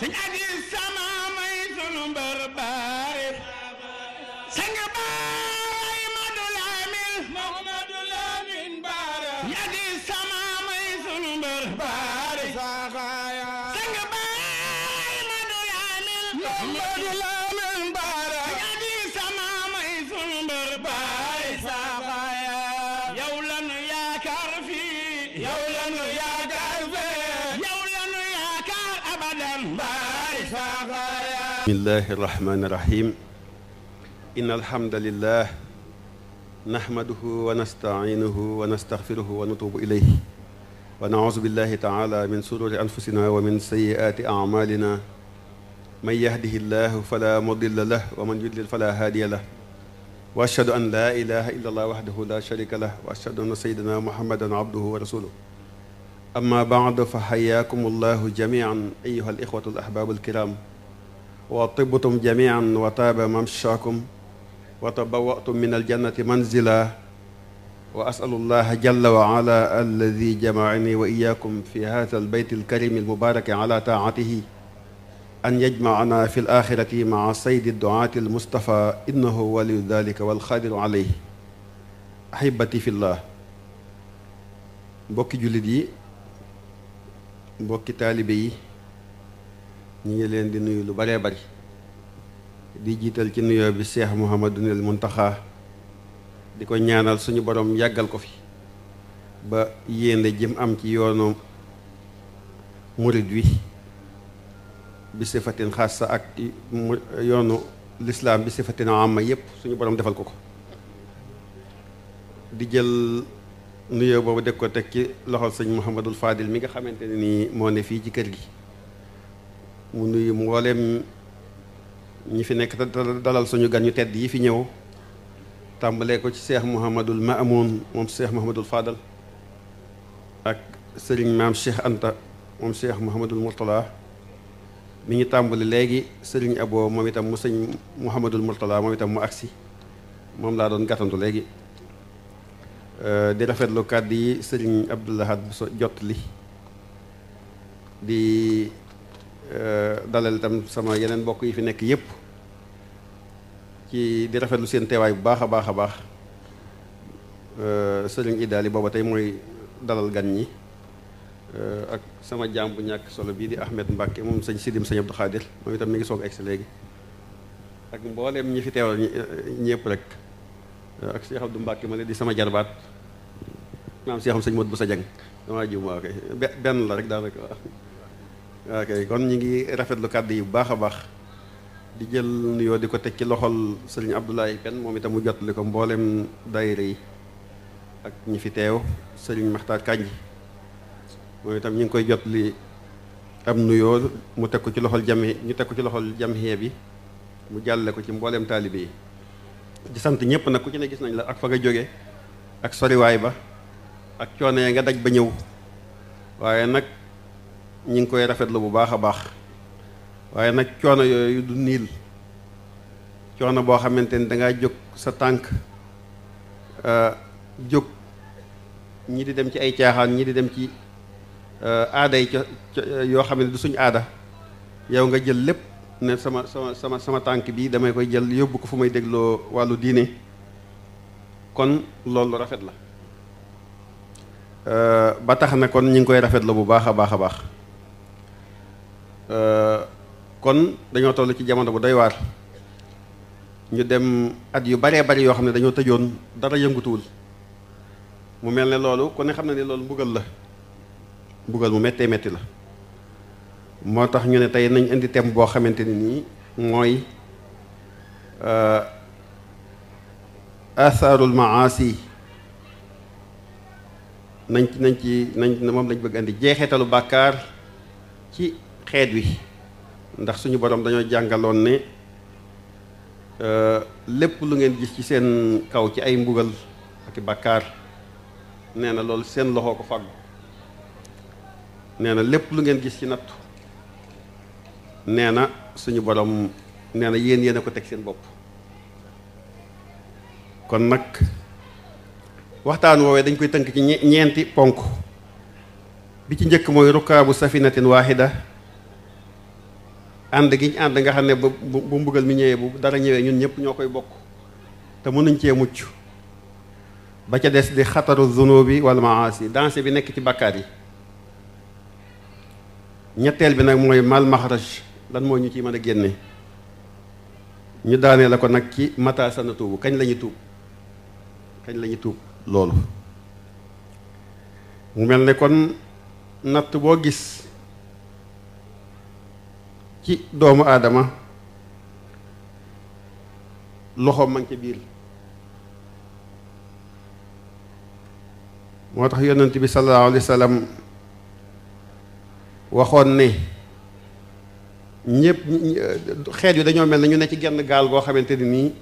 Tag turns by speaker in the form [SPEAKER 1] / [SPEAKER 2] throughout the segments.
[SPEAKER 1] Señor
[SPEAKER 2] بسم الله الرحمن الرحيم إن الحمد لله نحمده ونستعينه ونستغفره ونتوب إليه ونعوذ بالله تعالى من سرور أنفسنا ومن سيئات أعمالنا من يهده الله فلا مضل له ومن يضلل فلا هادي له وأشهد أن لا إله إلا الله وحده لا شريك له وأشهد أن سيدنا محمدا عبده ورسوله أما بعد فحياكم الله جميعا أيها الإخوة الأحباب الكرام وطبتم جميعا وتاب ممشاكم وتبوأتم من الجنة منزلا وأسأل الله جل وعلا الذي جمعني وإياكم في هذا البيت الكريم المبارك على طاعته أن يجمعنا في الآخرة مع سيد الدعاة المصطفى إنه ولي ذلك والخادر عليه أحبتي في الله بوكي جلدي بوكي mbokki ñu ngi leen di nuyu lu baree bari di jiital ci nuyoo bi Cheikh Mouhamadunil Muntaxa di ko ñaanal suñu borom yàggal ko fi ba yéene jëm am ci yoonu murid wi bi sifatin xassa ak yoonu lislaam bi sifatin amma yépp suñu borom defal ko ko di jël nuyoo boobu deg ko teg ci loxol sëñ Mouhamadul Fadil mi nga xamante ne nii moo ne fii ci kër gi mu nuyu mboolem ñi fi nekk dalal suñu gan ñu tedd yi fi ñëw tàmbalee ko ci seex Muhammadul Maamoun moom seex Muhammadul Fadal ak sëriñ maam Cheikh Anta moom seex Muhammadul Mourtala mi ñu tàmbali léegi sëriñ Abo moom itam mu sëñ Muhammadul Mourtala moom itam mu agsi moom laa doon gàttantu léegi euh, di rafetlu kàddu yi sëriñ Abdoul Ahad bu jot li di Eh, dalal tam sama yenen mbokk yi fi nek yépp ci di rafetlu seen teewaay bu baax a baax euh serigne idali tay moy dalal gan ñi eh, ak sama jamm bu ñak solo bi di Ahmed Mbacke mom serigne Sidim serigne Abdou Khadir moom itam mi ngi sok egsi legi ak mbooleem ñi fi teewal ñepp rek eh, ak Cheikh Abdou Mbacke ma di sama jarbaat cheikh am serigne Modou Boussa Dieng damaa jiw maa koy la rek ok kon ñu ngi rafet rafetlu kàddu yi bu baax a baax di jël nuyoo di ko teg ci loxol sëriñ Abdoulaye Kane moom itam mu jottali ko mboolem daayira yi ak ñi fi teew sëriñ Maxtaar Kanji moom itam ñu ngi koy jot li am nuyoo mu teg ko ci loxol jami ñu teg ko ci loxol jamiye bi mu jàlle ko ci mbooleem taalibe yi di sant ñëpp nag ku ci ne gis nañ la ak fa nga jóge ak soriwaay ba ak coono ya nga daj ba ñëw waaye nag ñi ngi koy rafetlu bu baax a baax waaye nag coono yooyu du niil coono boo xamante ni dangaa jóg sa tànk euh, jóg ñi di dem ci ay caaxaan ñi di dem ci euh, aada yi yoo xam ne du suñ aada yow nga jël lépp ne sama sama sama sama tànk bi damay koy jël yóbbu ko fu may dégloo wàllu diine kon loolu rafet la euh, ba tax na kon ñi ngi koy rafetlu bu baax a baax Eh, kon dañu tollu ci jamono bu doy war ñu dem at yu bare bari yo xamne dañu dañoo dara yëngutul mu melne lolu loolu ku ne xamne ni lolu bugal mbugal la mbugal mu metti metti la motax ñu ne tay nañ indi tem bo xamanteni ni moy euh atharul maasi nañ ci nañ ci nañ mom lañ bëgg andi jeexeetalu bakkar ci xeet wi ndax suñu borom dañoo jàngaloon ne euh, lépp lu ngeen gis ci seen kaw ci ay mbugal ak bàkkaar nee na loolu seen loxoo ko fàggu nee na lépp lu ngeen gis ci nattu nee na suñu borom nee na yéen yéen a ko teg seen bopp kon nag waxtaan woowee dañ koy tënk ci ñeenti ponk bi ci njëkk mooy rukaabu safinatin ànd giñ ànd nga xamne bu mbugal mi ñewé bu dara ñewé ñun ñëpp ñokoy koy bokk te mënuñ ci muccu ba ca dess di khataru dhunubi wal maasi dansé bi nekk ci bakkar yi ñettel bi nak moy mal mahraj lan moo ñu ci mëna génne ñu daané la ko nak ci mata sanatu tuubu kañ lañu tuub kañ lañu tuub loolu mu melne kon nat bo gis ci doomu aadama loxoom ma ngi ci biir moo tax yonent bi sallallahu waxoon ne ñëpp xeet yu dañoo mel ne ñu ne ci genn gaal goo xamante ni nii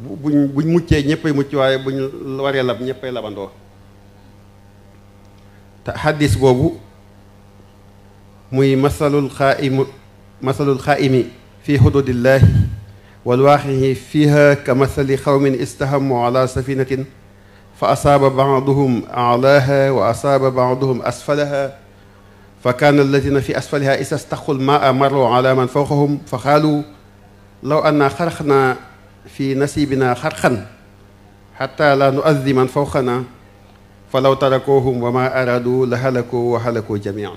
[SPEAKER 2] buñ buñ muccee ñëppay mucc waaye buñ waree lab ñëppay labandoo te xaddis boobu muy masalul xaa'imu مثل الخائم في حدود الله والواحه فيها كمثل قوم استهموا على سفينة فأصاب بعضهم أعلاها وأصاب بعضهم أسفلها فكان الذين في أسفلها إذا استخوا الماء مروا على من فوقهم فقالوا لو أن خرقنا في نسيبنا خرقا حتى لا نؤذي من فوقنا فلو تركوهم وما أرادوا لهلكوا وهلكوا جميعا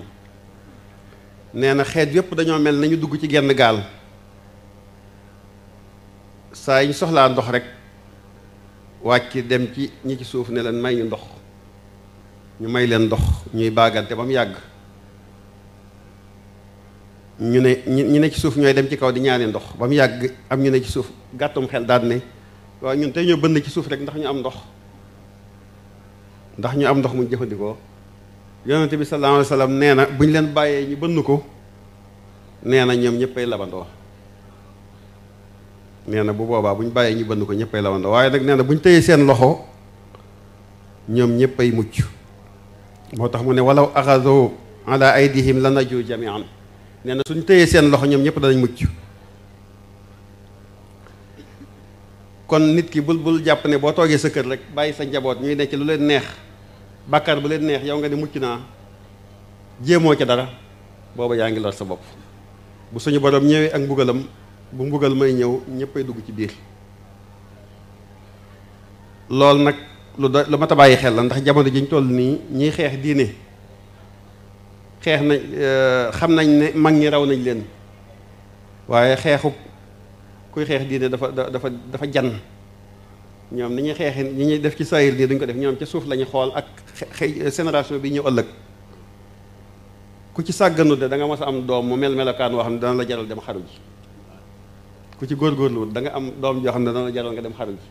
[SPEAKER 2] nee na xeet yépp dañoo mel nañu dugg ci genn gaal saa ñu soxlaa ndox rek wàcc dem ci ñi ci suuf ne leen may ñu ndox ñu may leen ndox ñuy bàggante ba mu yàgg ñu ne ñu ñu ne ci suuf ñooy dem ci kaw di ñaari ndox ba mu yàgg am ñu ne ci suuf gàttum xel daal ne waaw ñun tey ñoo bënn ci suuf rek ndax ñu am ndox ndax ñu am ndox mu jëfandikoo yonente bi sallallahu alayhi wasallam nee na bu ñu leen bàyyee ñu bënn ko nee na ñoom ñëppay labandoo nee na bu boobaa bu ñu bàyyee ñu bënn ko ñëppay labandoo waaye nag nee na bu ñu tëyee seen loxo ñoom ñëppay mucc moo tax mu ne walaw axazo ala aydihim la naju jamian nee na suñ seen loxo ñoom ñëpp danañ mucc kon nit ki bul bul jàpp ne boo toogee sa kër rek bàyyi sa njaboot ñuy ne ci lu leen neex bàkkaar bu leen neex yow nga ne mucc naa jéemoo ca dara booba yaa ngi lor sa bopp bu suñu borom ñëwee ak mbugalam bu mbugal may ñëw ñëppay dugg ci biir loolu nag lu do lu mat a bàyyi xel la ndax jamono jiñ ñu toll nii ñiy xeex diine xeex na euh, xam nañ ne mag ñi raw nañ leen waaye xeexu kuy xeex diine dafa dafa dafa jan ñoom ni ñuy xeexee ni ñu def ci saayir nii duñ ko def ñoom ca suuf la xool ak xëy génération bi ñu ëllëg ku ci sàgganu de danga nga a am doom mu mel melokaan woo xam ne dana la jaral dem xaru ji ku ci góorgóorluwut da nga am doom joo xam ne dana la jaral nga dem xaru ji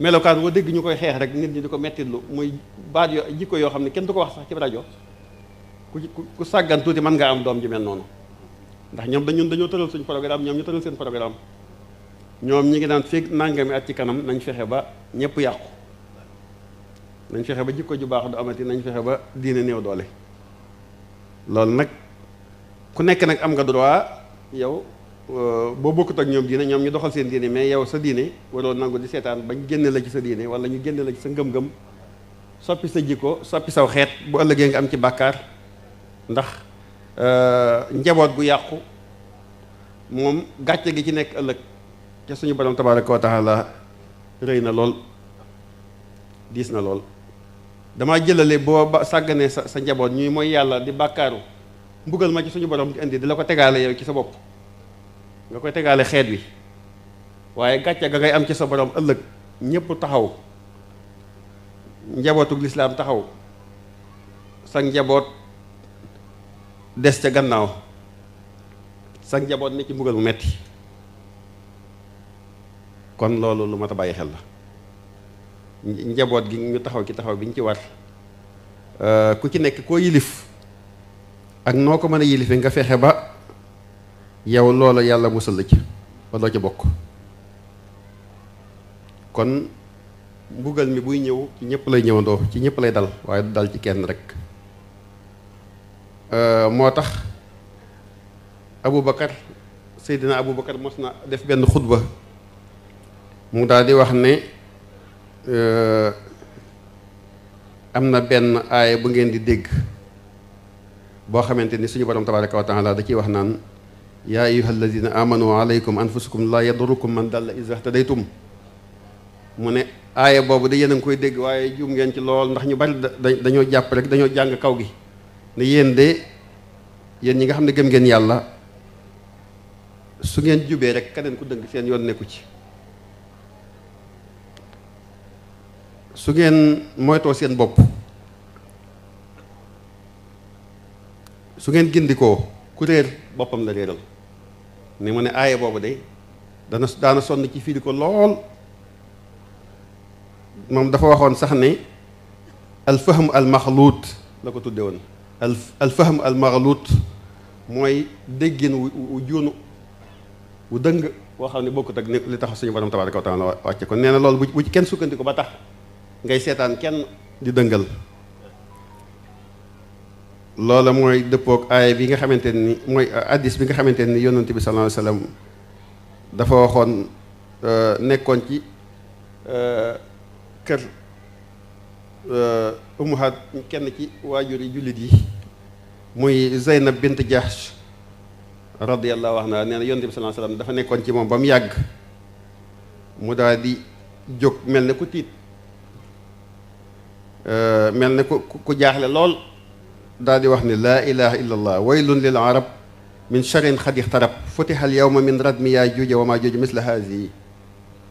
[SPEAKER 2] melokaan woo dégg ñu koy xeex rek nit ñi di ko mettitlu muy baat yo jikko yoo xam ne kenn du ko wax sax ci rajo ku ku sàggan tuuti mën ngaa am doom ji mel noonu ndax ñoom dañun dañoo tëral suñ programme ñoom ñu tëral seen programme ñoom ñu ngi daan fekk nangami at ci kanam nañ fexe ba ñëpp yàqu nañ fexe ba jikko ju baax du amati nañ fexe ba diine néew doole loolu nag ku nekk nag am nga droit yow euh, boo bokkut ak ñoom diine ñoom ñu doxal seen diine mais yow sa diine waroo nangu di seetaan bañ génne la ci sa diine wala ñu génne la ci sa ngëm-ngëm soppi sa jikko soppi saw xeet bu ëllëgee nga am ci bàkkaar ndax euh, njaboot gu yàqu moom gàcce gi ci nekk ëllëg ca suñu borom tabaraka wa taala rëy na lool diis na lool damaa jëlale boo ba sàgganee sa sa njaboot ñuy mooy yàlla di bàkkaaru mbugal ma ci suñu borom di indi di la ko tegaale yow ci sa bopp nga koy tegale xeet wi waaye gàcce ga ngay am ci sa borom ëllëg ñëpp taxaw njabootug lislaam taxaw sa njaboot des ca gannaaw sa njaboot ne ci mbugal mu metti kon loolu lu mat a bàyyi xel la njaboot gi ñu taxaw ci taxaw bi ñu ci war euh, ku ci nekk koo yilif ak noo ko mën a yilifee nga fexe ba yow loola yàlla musal la ci ba doo ca bokk kon mbugal mi buy ñëw ci ñëpp lay ñëwandoo ci ñëpp lay dal waaye du dal ci kenn rek euh, moo tax Aboubacar Seydina Aboubacar mos na def benn xutba mu daal di wax ne euh, am na benn aaya bu ngeen di dégg boo xamante ni suñu borom tabaraka wa taala da ciy wax naan yaa ayuha alladina amanu alaykum anfusakum laa yadurukum man dalla iza htadaytum mu ne aaye boobu da yéen a ngi koy dégg waaye juum ngeen ci lool ndax ñu bari dañoo jàpp rek dañoo jàng kaw gi ne yéen de yéen ñi nga xam ne gëm ngeen yàlla su ngeen jubee rek keneen ku dëng seen yoon nekku ci su ngeen moytoo seen bopp su ngeen gindikoo ku réer boppam la réeral ni mu ne aaye boobu de dana daana sonn ci firi ko lool moom dafa waxoon sax ne alfaham almaxluut la ko tudde woon al alfaham almaxluut mooy déggin wu juunu wu dëng woo xam ne bokkut ak li tax suñu borom tabaraka wa taala wàcce ko nee na loolu bu bu kenn sukkandiku ba tax ngay seetaan kenn di dëngal loola mooy dëppook aaya bi nga xamante ni mooy addis bi nga xamante ni yonent bi sallallahu alayhi wasallam dafa waxoon euh, nekkoon ci euh, kër euh, ummuhaat kenn ci waajur yi jullit yi muy Zeynab bint Jahsh radiyallahu anha nee na yonent bi sallallahu alayhi wasallam dafa nekkoon ci moom ba yàgg mu daal di jóg mel ni ku tiit mel ne ku ku jaaxle lool daal di wax ne laa ilaha illa allah waylun lil arab min charin xad ixtarab futiha al yawma min radmi yaa juuja wa maa juuja misla haasi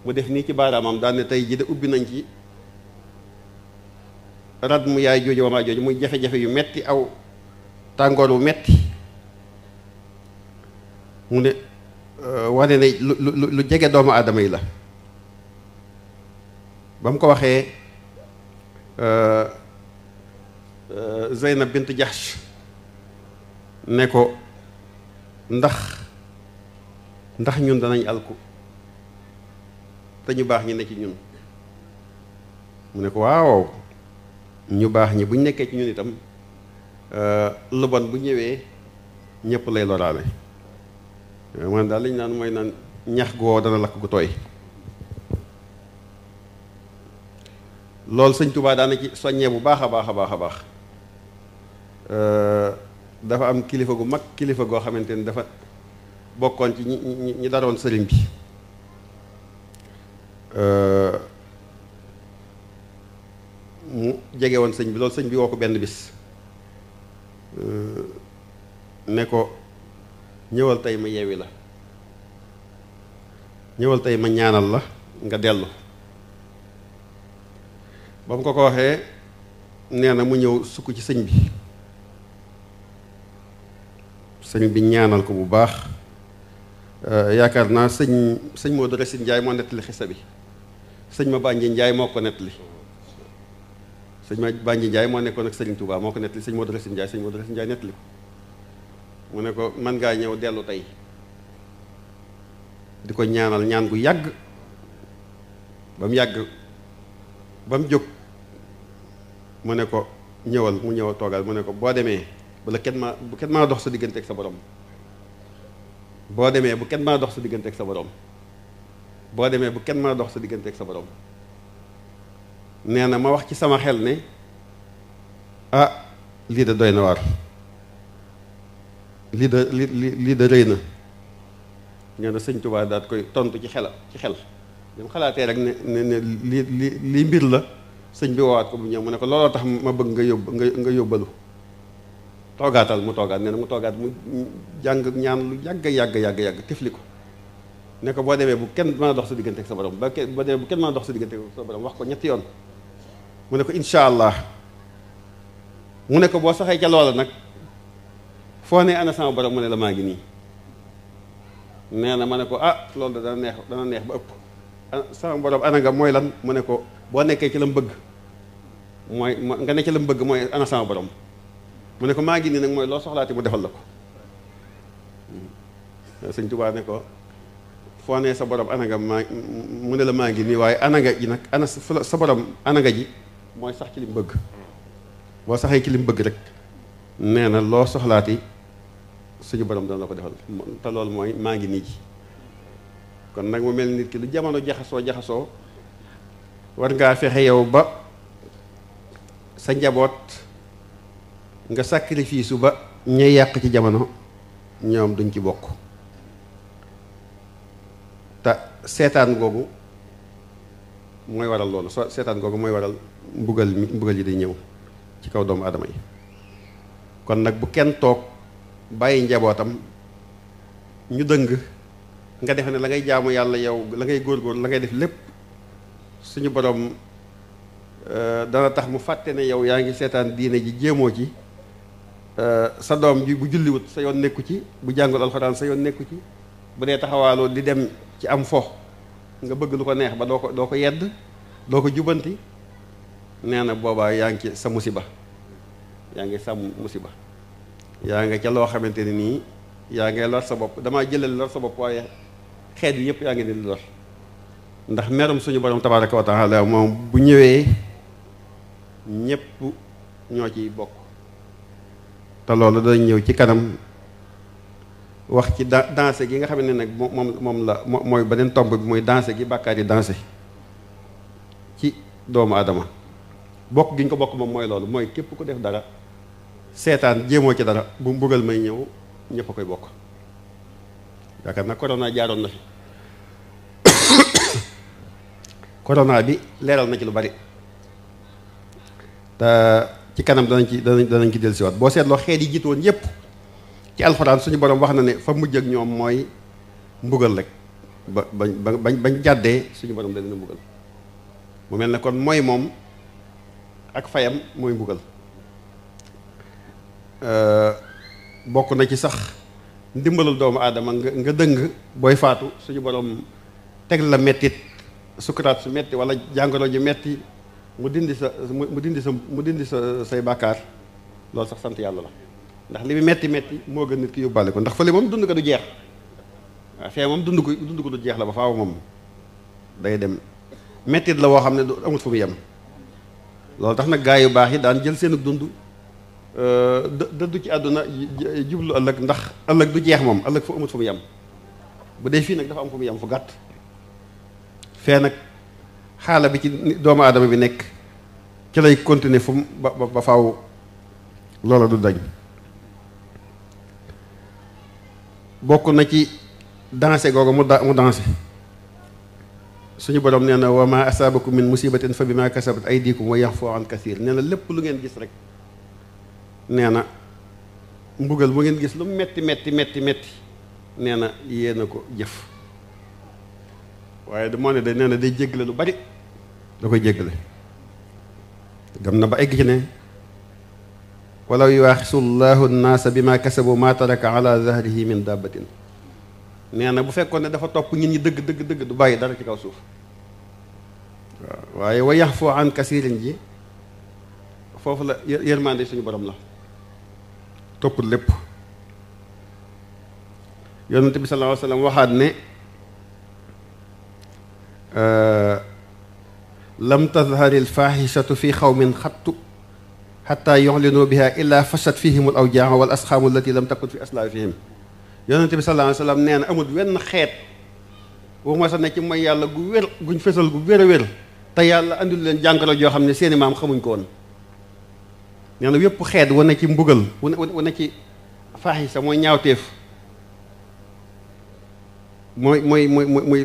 [SPEAKER 2] mu def nii ci baaraamam daal ne tey ji de ubbi nañ ci radmu yaay jooju wa maa jooju muy jafe-jafe yu metti aw tàngoor wu metti mu ne wane ne lu lu lu jege doomu aadama yi la ba mu ko waxee Zeynab bint Jahsh ne ko ndax ndax ñun danañ alku te ñu baax ñi ne ci ñun mu ne ko waaw ñu baax ñi buñ nekkee ci ñun itam lu bon bu ñëwee ñëpp lay loraale man daal lañ naan mooy naan ñax goo dana lakk gu tooy loolu sëñ tubaa daana ci soññee bu baax a baax a baax a baax dafa am kilifa gu mag kilifa goo xamante ni dafa bokkoon ci ñi ñi daroon sëriñ bi mu jege woon sëñ bi loolu sëñ bi woo ko benn bis ne ko ñëwal tey ma yeewi la ñëwal tey ma ñaanal la nga dellu ba mu ko ko waxee nee na mu ñëw sukk ci sëñ bi sëñ bi ñaanal ko bu baax euh, yaakaar naa sëñ sëñ Modou Racine Ndiaye moo nettali xisa bi sëñ ma Bànji Ndiaye moo ko nettali sëñ ma Bànji Ndiaye moo nekkoon ak sëñ Touba moo ko nettali sëñ Modou Racine Ndiaye sëñ Modou Racine Ndiaye nettali ko mu ne ko man ngaa ñëw dellu tey di ko ñaanal ñaan gu yàgg ba mu yàgg ba mu jóg mu ko ñëwal mu ñëw togal mu ne ko boo demee bu la kèn ma bu kèn ma dox sa digënté ak sa borom bo démé bu kèn ma dox sa digënté ak sa borom bo démé bu kèn ma dox sa digënté ak sa borom néna ma wax ci sama xel ne ah li da doyna war li da li li da reyna na sëñ touba daat koy tontu ci xel ci xel dam xalaté rek ne ne li li mbir la señ bi waat ko bu ñew mu ne ko loolu tax ma bëgg nga yóbbu nga nga yóbbalu toogaatal mu toogaat nee na mu toogaat mu jàng ñaan lu yàgg yàgg yàgg yàgg tifli ko ne ko boo demee bu kenn mën a dox sa diggante ak sa borom ba boo demee bu kenn mën a dox sa diggante ak sa borom wax ko ñetti yoon mu ne ko incha allah mu ne ko boo saxee ca loola nag foo ne ana sama borom mu ne la maa ngi nii nee na ma ne ko ah loolu dana neex dana neex ba ëpp sama borom ana nga mooy lan mu ne ko boo nekkee ci la mu bëgg mooy nga nekk ci la mu bëgg mooy ana borom mu ne ko maa ngi nii nag mooy loo soxlaati mu defal la ko hmm. sëñ Tuubaa ne ko foo ne sa borom ana nga maa mu ne la maa ngi nii waaye ana nga ji nag ana sa borom ana nga ji mooy sax ci li mu bëgg boo saxee ci li bëgg rek nee na loo yi suñu borom dana la ko defal te loolu mooy maa ngi nii ji kon nag mu mel nit ki lu jamono jaxasoo jaxasoo war ngaa fexe yow ba sa njaboot nga sacrifice ba ñuy yàq ci jamono ñoom duñ ci bokk te seetaan googu mooy waral loolu so seetaan googu mooy waral mbugal mi mbugal yi di ñëw ci kaw doomu aadama yi kon nag bu kenn toog bàyyi njabootam ñu dëng nga defe ne la ngay jaamu yàlla yow la ngay góorgóor la ngay def lépp suñu borom eh, dana tax mu faté né yow yaa ngi seetaan diine ji jéemoo ci eh, sa dom ji bu wut sa yon nekku ci bu jangul alcorane sa yon nekku ci bu né taxawalo di dem ci am fo nga bëgg lu ko neex ba doko ko yedd doko jubanti néna boba yaangi sa musiba yaangi sa musiba yaangi ca lo xamanteni ni yaangi lor sa bop dama jëlal lor sa bop waye xéet yépp yaangi lor ndax merum suñu borom tabaraka wa taala moom bu ñëwee ñëpp ñoo ci bokk te loolu dañ ñëw ci kanam wax ci da danse gi nga xam ne nag moom moom la mooy beneen tomb bi mooy danse gi bàkkaar yi danse ci doomu adama bokk gi ñu ko bokk moom mooy loolu mooy képp ku def dara seetaan jéemoo ci dara bu mbugal may ñëw ñëpp a koy bokk yaakaar na corona jaaroon na fi corona bi leral na ci lu bari ta ci kanam dañ ci ci del ci dellusiwaat boo seetloo xeet yi won yépp ci alcorane suñu borom wax na ne fa mujj ak ñom moy mbugal rek bañ bañ jàddee suñu borom dañ na mbugal mu melne kon moy mom ak fayam moy mbugal bokku na ci sax ndimbalul doomu adama nga deung boy faatu suñu borom teg la metti sukuraat su metti wala jàngoro ji metti mu dindi sa mu dindi sa mu dindi sa say bàkkaar loolu sax sant yàlla la ndax li mu metti metti moo gën nit ki yóbbaale ko ndax fële moom dund ko du jeex waaw fee moom dund ko dund ko du jeex la ba faaw moom day dem mettit la woo xam ne du amut fu mu yem loolu tax nag gaa yu baax yi daan jël seenu dund euh, dëddu ci àdduna jublu ëllëg ndax ëllëg du jeex moom ëllëg fu amut fu mu yem bu dee fii nag dafa am fu mu yem fu gàtt fee nag xaala bi ci doomu aadama bi nekk ci lay continuer fu mu ba ba faaw loola du dañ bokk na ci danse googu mu da mu danse suñu borom nee na wa ma asaabakum min musibatin fa bima kasabat aydikum wa yaxfu an kasir nee na lépp lu ngeen gis rek nee na mbugal bu ngeen gis lu metti metti metti metti nee na yéen a ko jëf waaye dama ne day nee na day jéggale lu bari da koy jéggale dem na ba egg ci ne walaw yuwaaxisu llahu nnaasa bi ma kasabu ma taraka ala zahrihi min dabbatin nee na bu fekkoon ne dafa topp nit ñi dëgg dëgg dëgg du bàyyi dara ci kaw suuf waaw waaye wa yaxfu an kasirin ji foofu la yërmande suñu borom la toppul lépp yonente bi sallallahu alayhi wa sallam waxaat ne لم تظهر الفاحشة في قوم قط حتى يعلنوا بها إلا فشت فيهم الأوجاع والأسقام التي لم تكن في أسلافهم yonent bi sallallahu alayhi wa sallam nee na amul wenn xeet waxuma sax ne ci mooy yàlla gu wér guñ fesal gu wér a wér te yàlla andul leen jàngoro joo xam ne seeni maam xamuñ ko woon nee na yépp xeet wane ci mbugal wane wane ci faaxisa mooy ñaawteef mooy mooy mooy mooy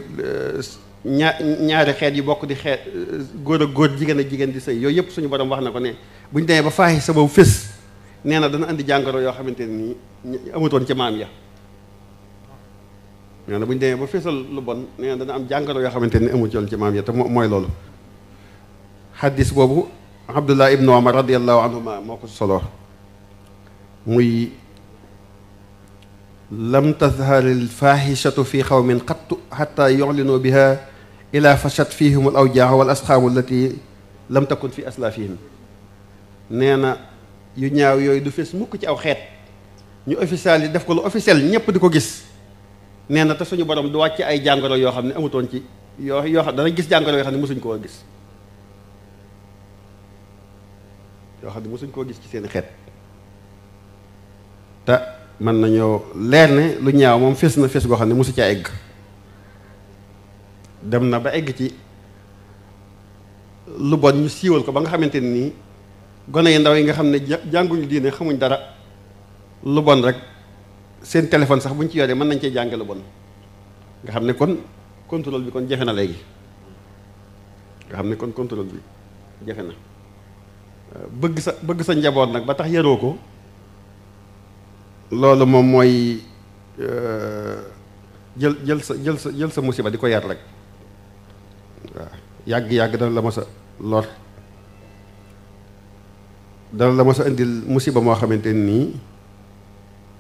[SPEAKER 2] ñaa ñaari xeet yu bokk di xeet góor ak góor jigéen ak jigéen di sëy yooyu yëpp suñu borom wax na ko ne buñ demee ba faaxi sa boobu fés nee na dana andi jàngoro yoo xamante ne nii amutoon ci maam ya nee na buñ demee ba fésal lu bon nee na dana am jàngoro yoo xamante ne amutoon ci maam ya te mooy loolu xaddis boobu abdullah ibnu omar radiallahu anhuma moo ko solo muy lam tazhar alfahishatu fi xawmin qattu xata yuclinuu biha إلى فشت فيهم الأوجاع والأسخام التي لم تكن في أسلافهم نينا يو نياو يوي دو فيس موكو تي أو خيت ني أوفيسال داف كو أوفيسال نييب ديكو غيس نينا تا سونو بوروم دو واتي أي جانغرو يو خامني أموتون تي يو يو خا دا غيس جانغرو يو خامني موسوني كو غيس يو خامني موسوني كو غيس تي سين خيت تا من نانيو لير ني لو نياو موم فيس نا فيس غو خامني موسو تي أيغ dem na ba egg ci lu bon ñu siwol ko ba nga xamanteni ni gone yi ndaw yi nga xamne ne diine xamuñ dara lu bon rek seen telephone sax buñ ci yoree man nañ ci jàng lu bon nga xamne kon control bi kon jafe na nga xamne kon control bi jafe na bëgg sa bëgg sa njaboot nak ba tax yaroo ko mom moy euh jël jël sa jël sa jël sa musiba di ko yar rek yàgg yàgg dana la masa lor dana la masa indil musiba moo xamante nii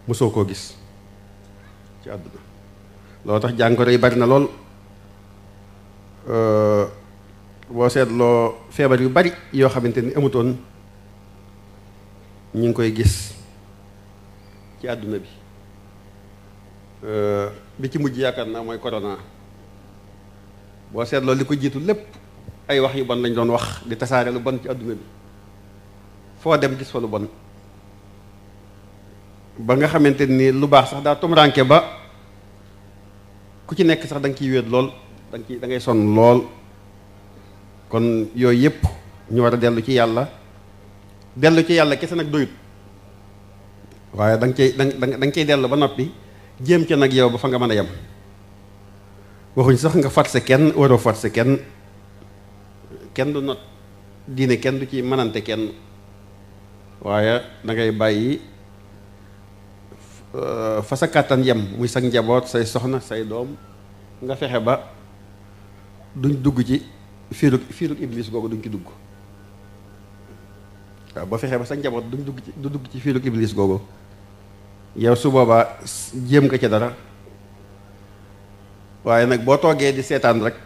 [SPEAKER 2] musoo koo gis ci àdduna loo tax jàngoro yi bari na lool boo seetloo feebar yu bari yoo xamante ni amutoon ñu ngi koy gis ci àdduna bi bi ci mujj yaakaar naa mooy corona. boo seetloo li ko jiitu lépp ay wax yu bon lañ doon wax di tasaare lu bon ci adduna bi foo dem gis fa lu bon ba nga xamante ni lu baax sax daa tumranke ba ku ci nekk sax da ciy wéet lool da nga ciy da ngay sonn lool kon yooyu yëpp ñu war a dellu ci yàlla dellu ci yàlla kese nag doyut waaye da nga cay da nga da nga dellu ba noppi jéem ca nag yow ba fa nga mën a yem. waxuñ sax nga forcé kenn waro forcé kenn kenn du not diine kenn du ci manante kenn waaye da ngay bàyyi fa eh, sa kàttan yem muy sa njaboot say soxna say doom nga fexe ba duñ dugg ci firuk firuk iblis googu duñ ci dugg waaw nah, ba fexe ba sa njaboot duñ dugg ci du dugg ci firuk iblis googu yow ya, su boobaa jéem ka ci dara waaye nag boo toogee di seetaan rek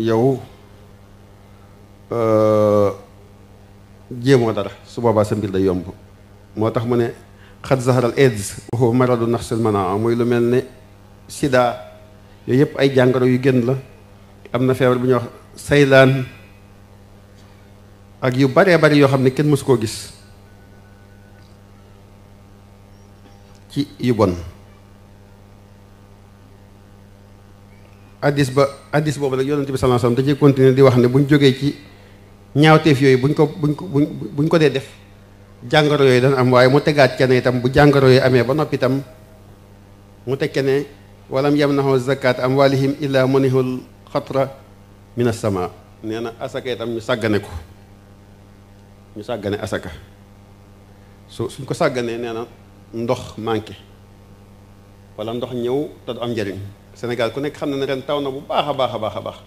[SPEAKER 2] yow euh, jéemoo dara su boobaa sa mbir day yomb moo tax mu ne xat zaharal aids waxu maradu nafsul manaa muy lu mel ne sida yooyu yëpp ay jàngoro yu génn la am na feebar bu ñuy wax saylaan ak yu baree bari yoo xam ne kenn mësu koo gis ci yu bon addis ba addis boobu rek yonent bi sallallahu alayhi wasallam da ciy continuer di wax ne buñ jógee ci ñaawteef yooyu buñ ko buñ ko buñ buñ ko dee def jàngoro yooyu dana am waaye mu tegaat kenn itam bu jàngoro yooyu amee ba noppi itam mu teg ne walam yamnahu zakat amwalihim illa munihul xatra min as-sama nee na asaka itam ñu sàggane ko ñu sàggane asaka su suñ ko sàgganee nee na ndox manqué wala ndox ñëw te du am njariñ Sénégal ku nekk xam na ne ren taw na bu baax a baax a baax a baax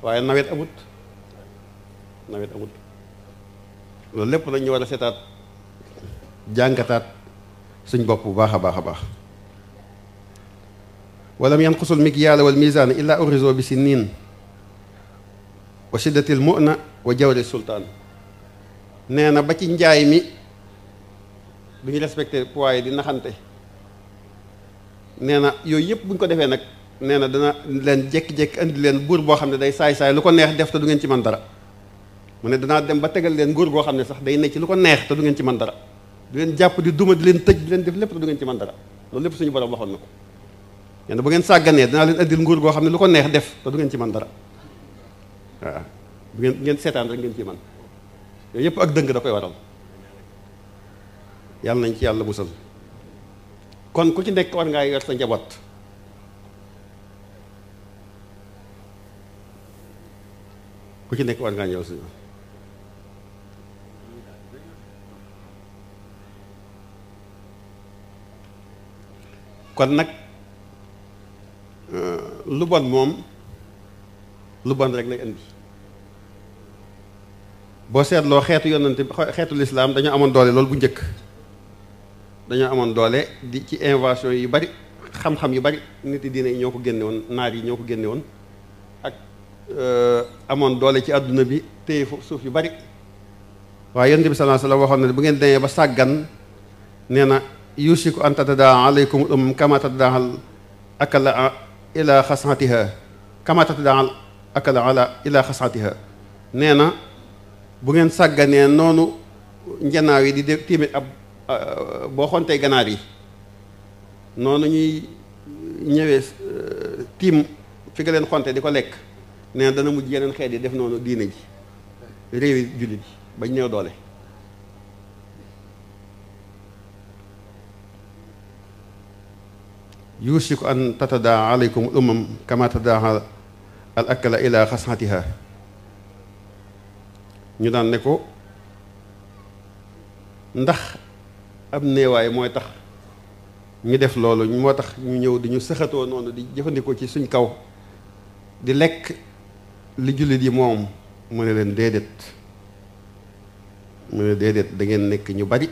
[SPEAKER 2] waaye nawet amut nawet amut loolu lépp lañu war a seetaat jàngataat suñ bopp bu baax a baax a baax walam yanqusul miqyaala wal miizaana illaa urizo bi si sinniin wa shiddatil na wa jawri sultaan nee na ba ci njaay mi duñu respecté poids yi di naxante nee na yooyu yëpp buñ ko defee nag nee na dana leen jékki-jékki andi leen buur boo xam ne day saay-saay lu ko neex def te du ngeen ci man dara mu ne danaa dem ba tegal leen nguur goo xam ne sax day ne ci lu ko neex te du ngeen ci man dara leen jàpp di duma di leen tëj leen def lépp te du ngeen ci mën dara loolu lépp suñu borom waxoon na ko nee bu ngeen sàgganee danaa leen andil nguur goo xam ne lu ko neex def te du ngeen ci mën dara waaw bu ngeen seetaan rek ngeen ci mën yooyu yëpp ak dëng da koy waral yàlla nañ ci yàlla musal kon ku ci nekk war ngaa yor sa njaboot ku ci nekk war ngaa ñëw suñu kon nag lu bon moom lu bon rek lay indi boo seetloo xeetu yonante xeetu lislaam dañoo amoon doole loolu bu njëkk dañoo amoon doole di ci invasion yu bari xam-xam yu bari nit yi diine yi ñoo ko génne naar yi ñoo ko génne amoon doole ci aduna bi téye foofu suuf yu bari waaye yonent bi sallallahu alayhi wasallam waxoon na bu ngeen demee ba sàggan nee na yusiku an tatada'a alaykum um kama tatada'a akala ila xasatiha kama tatada'a akala ala ila xasatiha nee na bu ngeen sàgganee noonu njanaaw yi di de tiimit ab boo xontee ganaar yi noonu ñuy ñëwee tiim fi nga leen xonte di ko lekk نعم دنا مجيء أنا خير ده فنون ديني ريو جلدي بني أو دولة يوشك أن تتداعى عليكم الأمم كما تداعى الأكل إلى خصاتها ندان نكو ndax ab neway moy tax ñu def lolu moy tax ñu ñew di ñu sëxato nonu di jëfëndiko ci suñ kaw di lek li jullit yi moom mu ne leen déedéet mu ne déedéet dangeen nekk ñu bari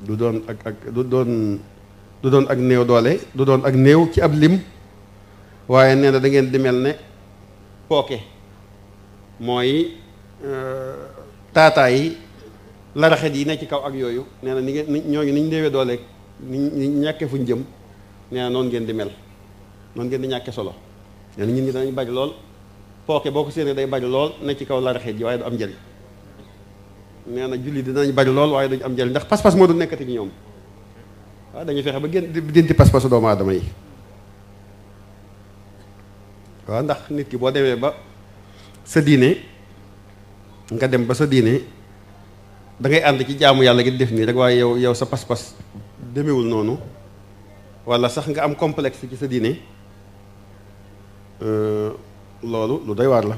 [SPEAKER 2] du doon ak ak du doon du doon ak néew doole du doon ak néew ci ab lim waaye nee na dangeen ngeen di mel ne pooke mooy euh, taataay laraxet yi ne ci kaw ak yooyu nee na ni ngeen ñooñu ni ñu néewee doole ni ñu ñàkkee fuñ jëm nee na noonu ngeen di mel noonu ngeen di ñàkkee solo nee na nit ñi danañ bari lool pooke boo ko séenee day bari lool ne ci kaw laraxeet ji waaye du am njëriñ nee na julli dinañ bari lool waaye duñ am njëriñ ndax pas-pas moo du nekkati ci ñoom waaw dañuy fexe ba génn dinti pas-pasu doomu aadama ndax nit ki boo demee ba sa diine nga dem ba sa diine dangay ànd ci jaamu yàlla gi def nii rek waaye yow yow sa pas-pas demewul noonu wala sax nga am complex ci sa diine lolu lu doy war la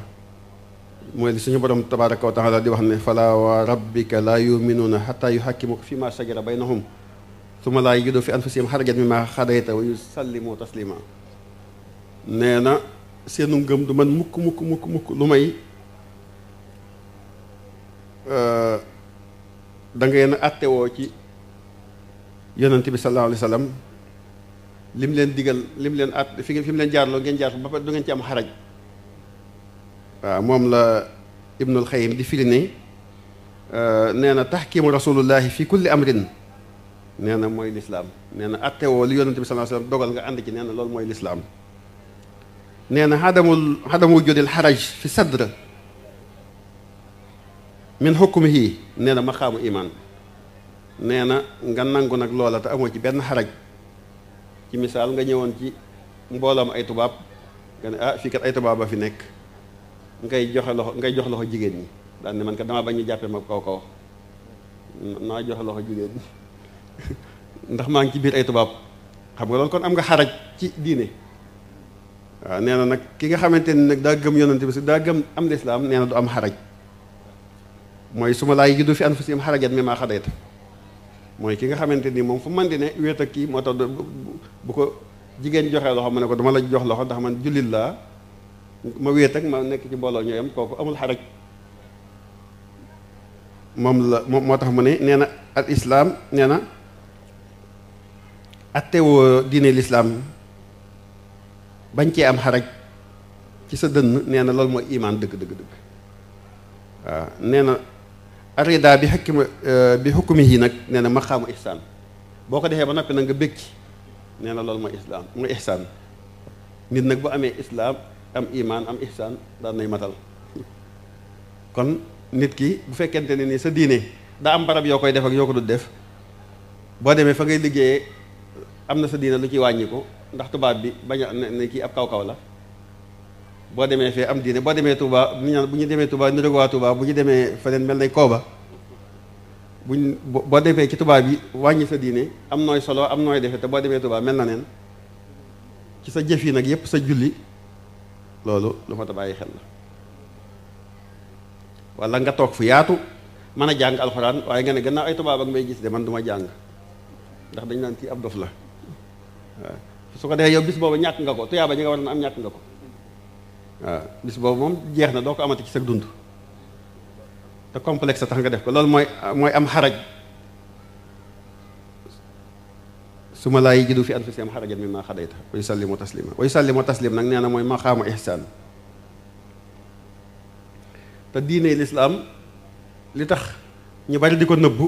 [SPEAKER 2] moy li suñu borom tabaraka wa taala di wax ne fala wa rabbika la yu'minuna hatta yuhakkimuka fi ma shajara bainahum thumma la yajidu fi anfusihim harajan mimma khadayta wa yusallimu taslima neena senu ngeum du man mukk mukk mukk mukk lu may da ngayena atté wo ci yonnati bi sallallahu alayhi wasallam lim leen digal lim leen at fi fi mu leen jaarloo ngeen jaar ba du ngeen ci am xaraj waaw moom la ibnul xayim di firi ne nee na taxkimu rasulullahi fi kulli amrin nee na mooy lislaam nee na attewoo li yonente bi sallallahu alayhi wasallam dogal nga ànd ci nee na loolu mooy lislaam nee na xadamul xadamu wujudil xaraj fi sadr min xukmihi nee na maqaamu iman nee na nga nangu nag loola te amoo ci benn xaraj ci misaal nga ñewon ci mbolam ay tubab nga ah fi kat ay tubab ba fi nek ngay joxe loxo ngay jox loxo jigen ni daan ne man ka dama bañu jappé ma ko kaw na joxe loxo jigen ni ndax ma ngi ci biir ay tubab xam nga kon am nga xaraj ci diiné neena nak ki nga xamanteni ni da gëm yonenté bi si gëm am l'islam neena du am xaraj moy suma lay gi du fi anfusim am xarajat mi xadayta mooy ki nga xamante ni moom fu man di ne wéet kii moo tax bu ko jigéen joxee loxo ma ne ko dama la jox loxo ndax man jullit laa ma wéet ma nekk ci mbooloo ñooyam kooku amul xaraj moom la moom moo tax mu ne nee na al islaam nee na attewoo diine lislaam bañ cee am xaraj ci sa dënn nee na loolu mooy imaan dëgg dëgg dëgg waaw nee na arida bi xëkki ma eh, bi xukkumi yi nag nee na maxamu ihsaan boo ko defee ba noppi nag nga bëgg ci nee na loolu mooy islaam mooy ihsaan nit nag bu amee islaam am imaan am ihsaan daan nay matal kon nit ki bu fekkente ne ni sa diine daa am barab yoo koy def ak yoo ko dul def boo demee fa ngay liggéeyee am na sa diine lu ci wàññiku ndax tubaab bi bañ a ne kii ab kaw-kaw la boo demee fee am diine boo demee Touba ñu naan bu ñu demee Touba niroog waa Touba bu ñu demee feneen mel ne Kooba buñ boo defee ci Touba bi wàññi sa diine am nooy solo am nooy defee te boo demee Touba mel na neen ci sa jëf yi nag yépp sa julli loolu lu ma ta bàyyi xel la wala nga toog fu yaatu mën a jàng alxuraan waaye nga ne gannaaw ay tubaab ak may gis de man du ma jàng ndax dañ naan kii ab dof la waaw su ko defee yow bis boobu ñàkk nga ko tuyaaba ñi nga war na am ñàkk nga ko waaw bis boobu moom jeex na doo ko amati ci sa dund te complexe tax nga def ko loolu mooy mooy am xaraj su ma laa yi jidu fi anfusihim xarajan mimma xadayta wa yusallimu taslima wa yusallimu taslim nag nee na mooy maqaamu ihsaan te diine lislaam li tax ñu bari di ko nëbbu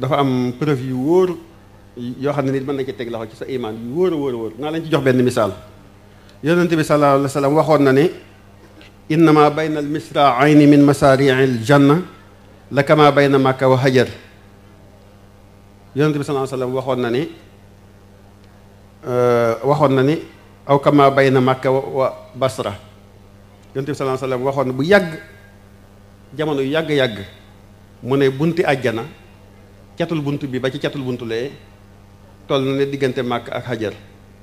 [SPEAKER 2] dafa am preuve yu wóor yoo xam ne nit mën na ci teg loxo ci sa imaan yi wóor a wóor a wóor naa leen ci jox benn misaal yonente bi sallallahu alayhi wa sallam waxoon na ne innama bayna al misraayni min masaari'i l janna la kama bayna makka wa hajar yonente bi sallallahu alayhi wa sallam waxoon na ne waxoon na ne aw kama bayna makka wa basra yonente bi sallallahu alayhi wa sallam waxoon na bu yàgg jamono yu yàgg-yàgg mu ne bunti àjjana catul bunt bi ba ci catul bunt lee toll na ne diggante màkk ak hajar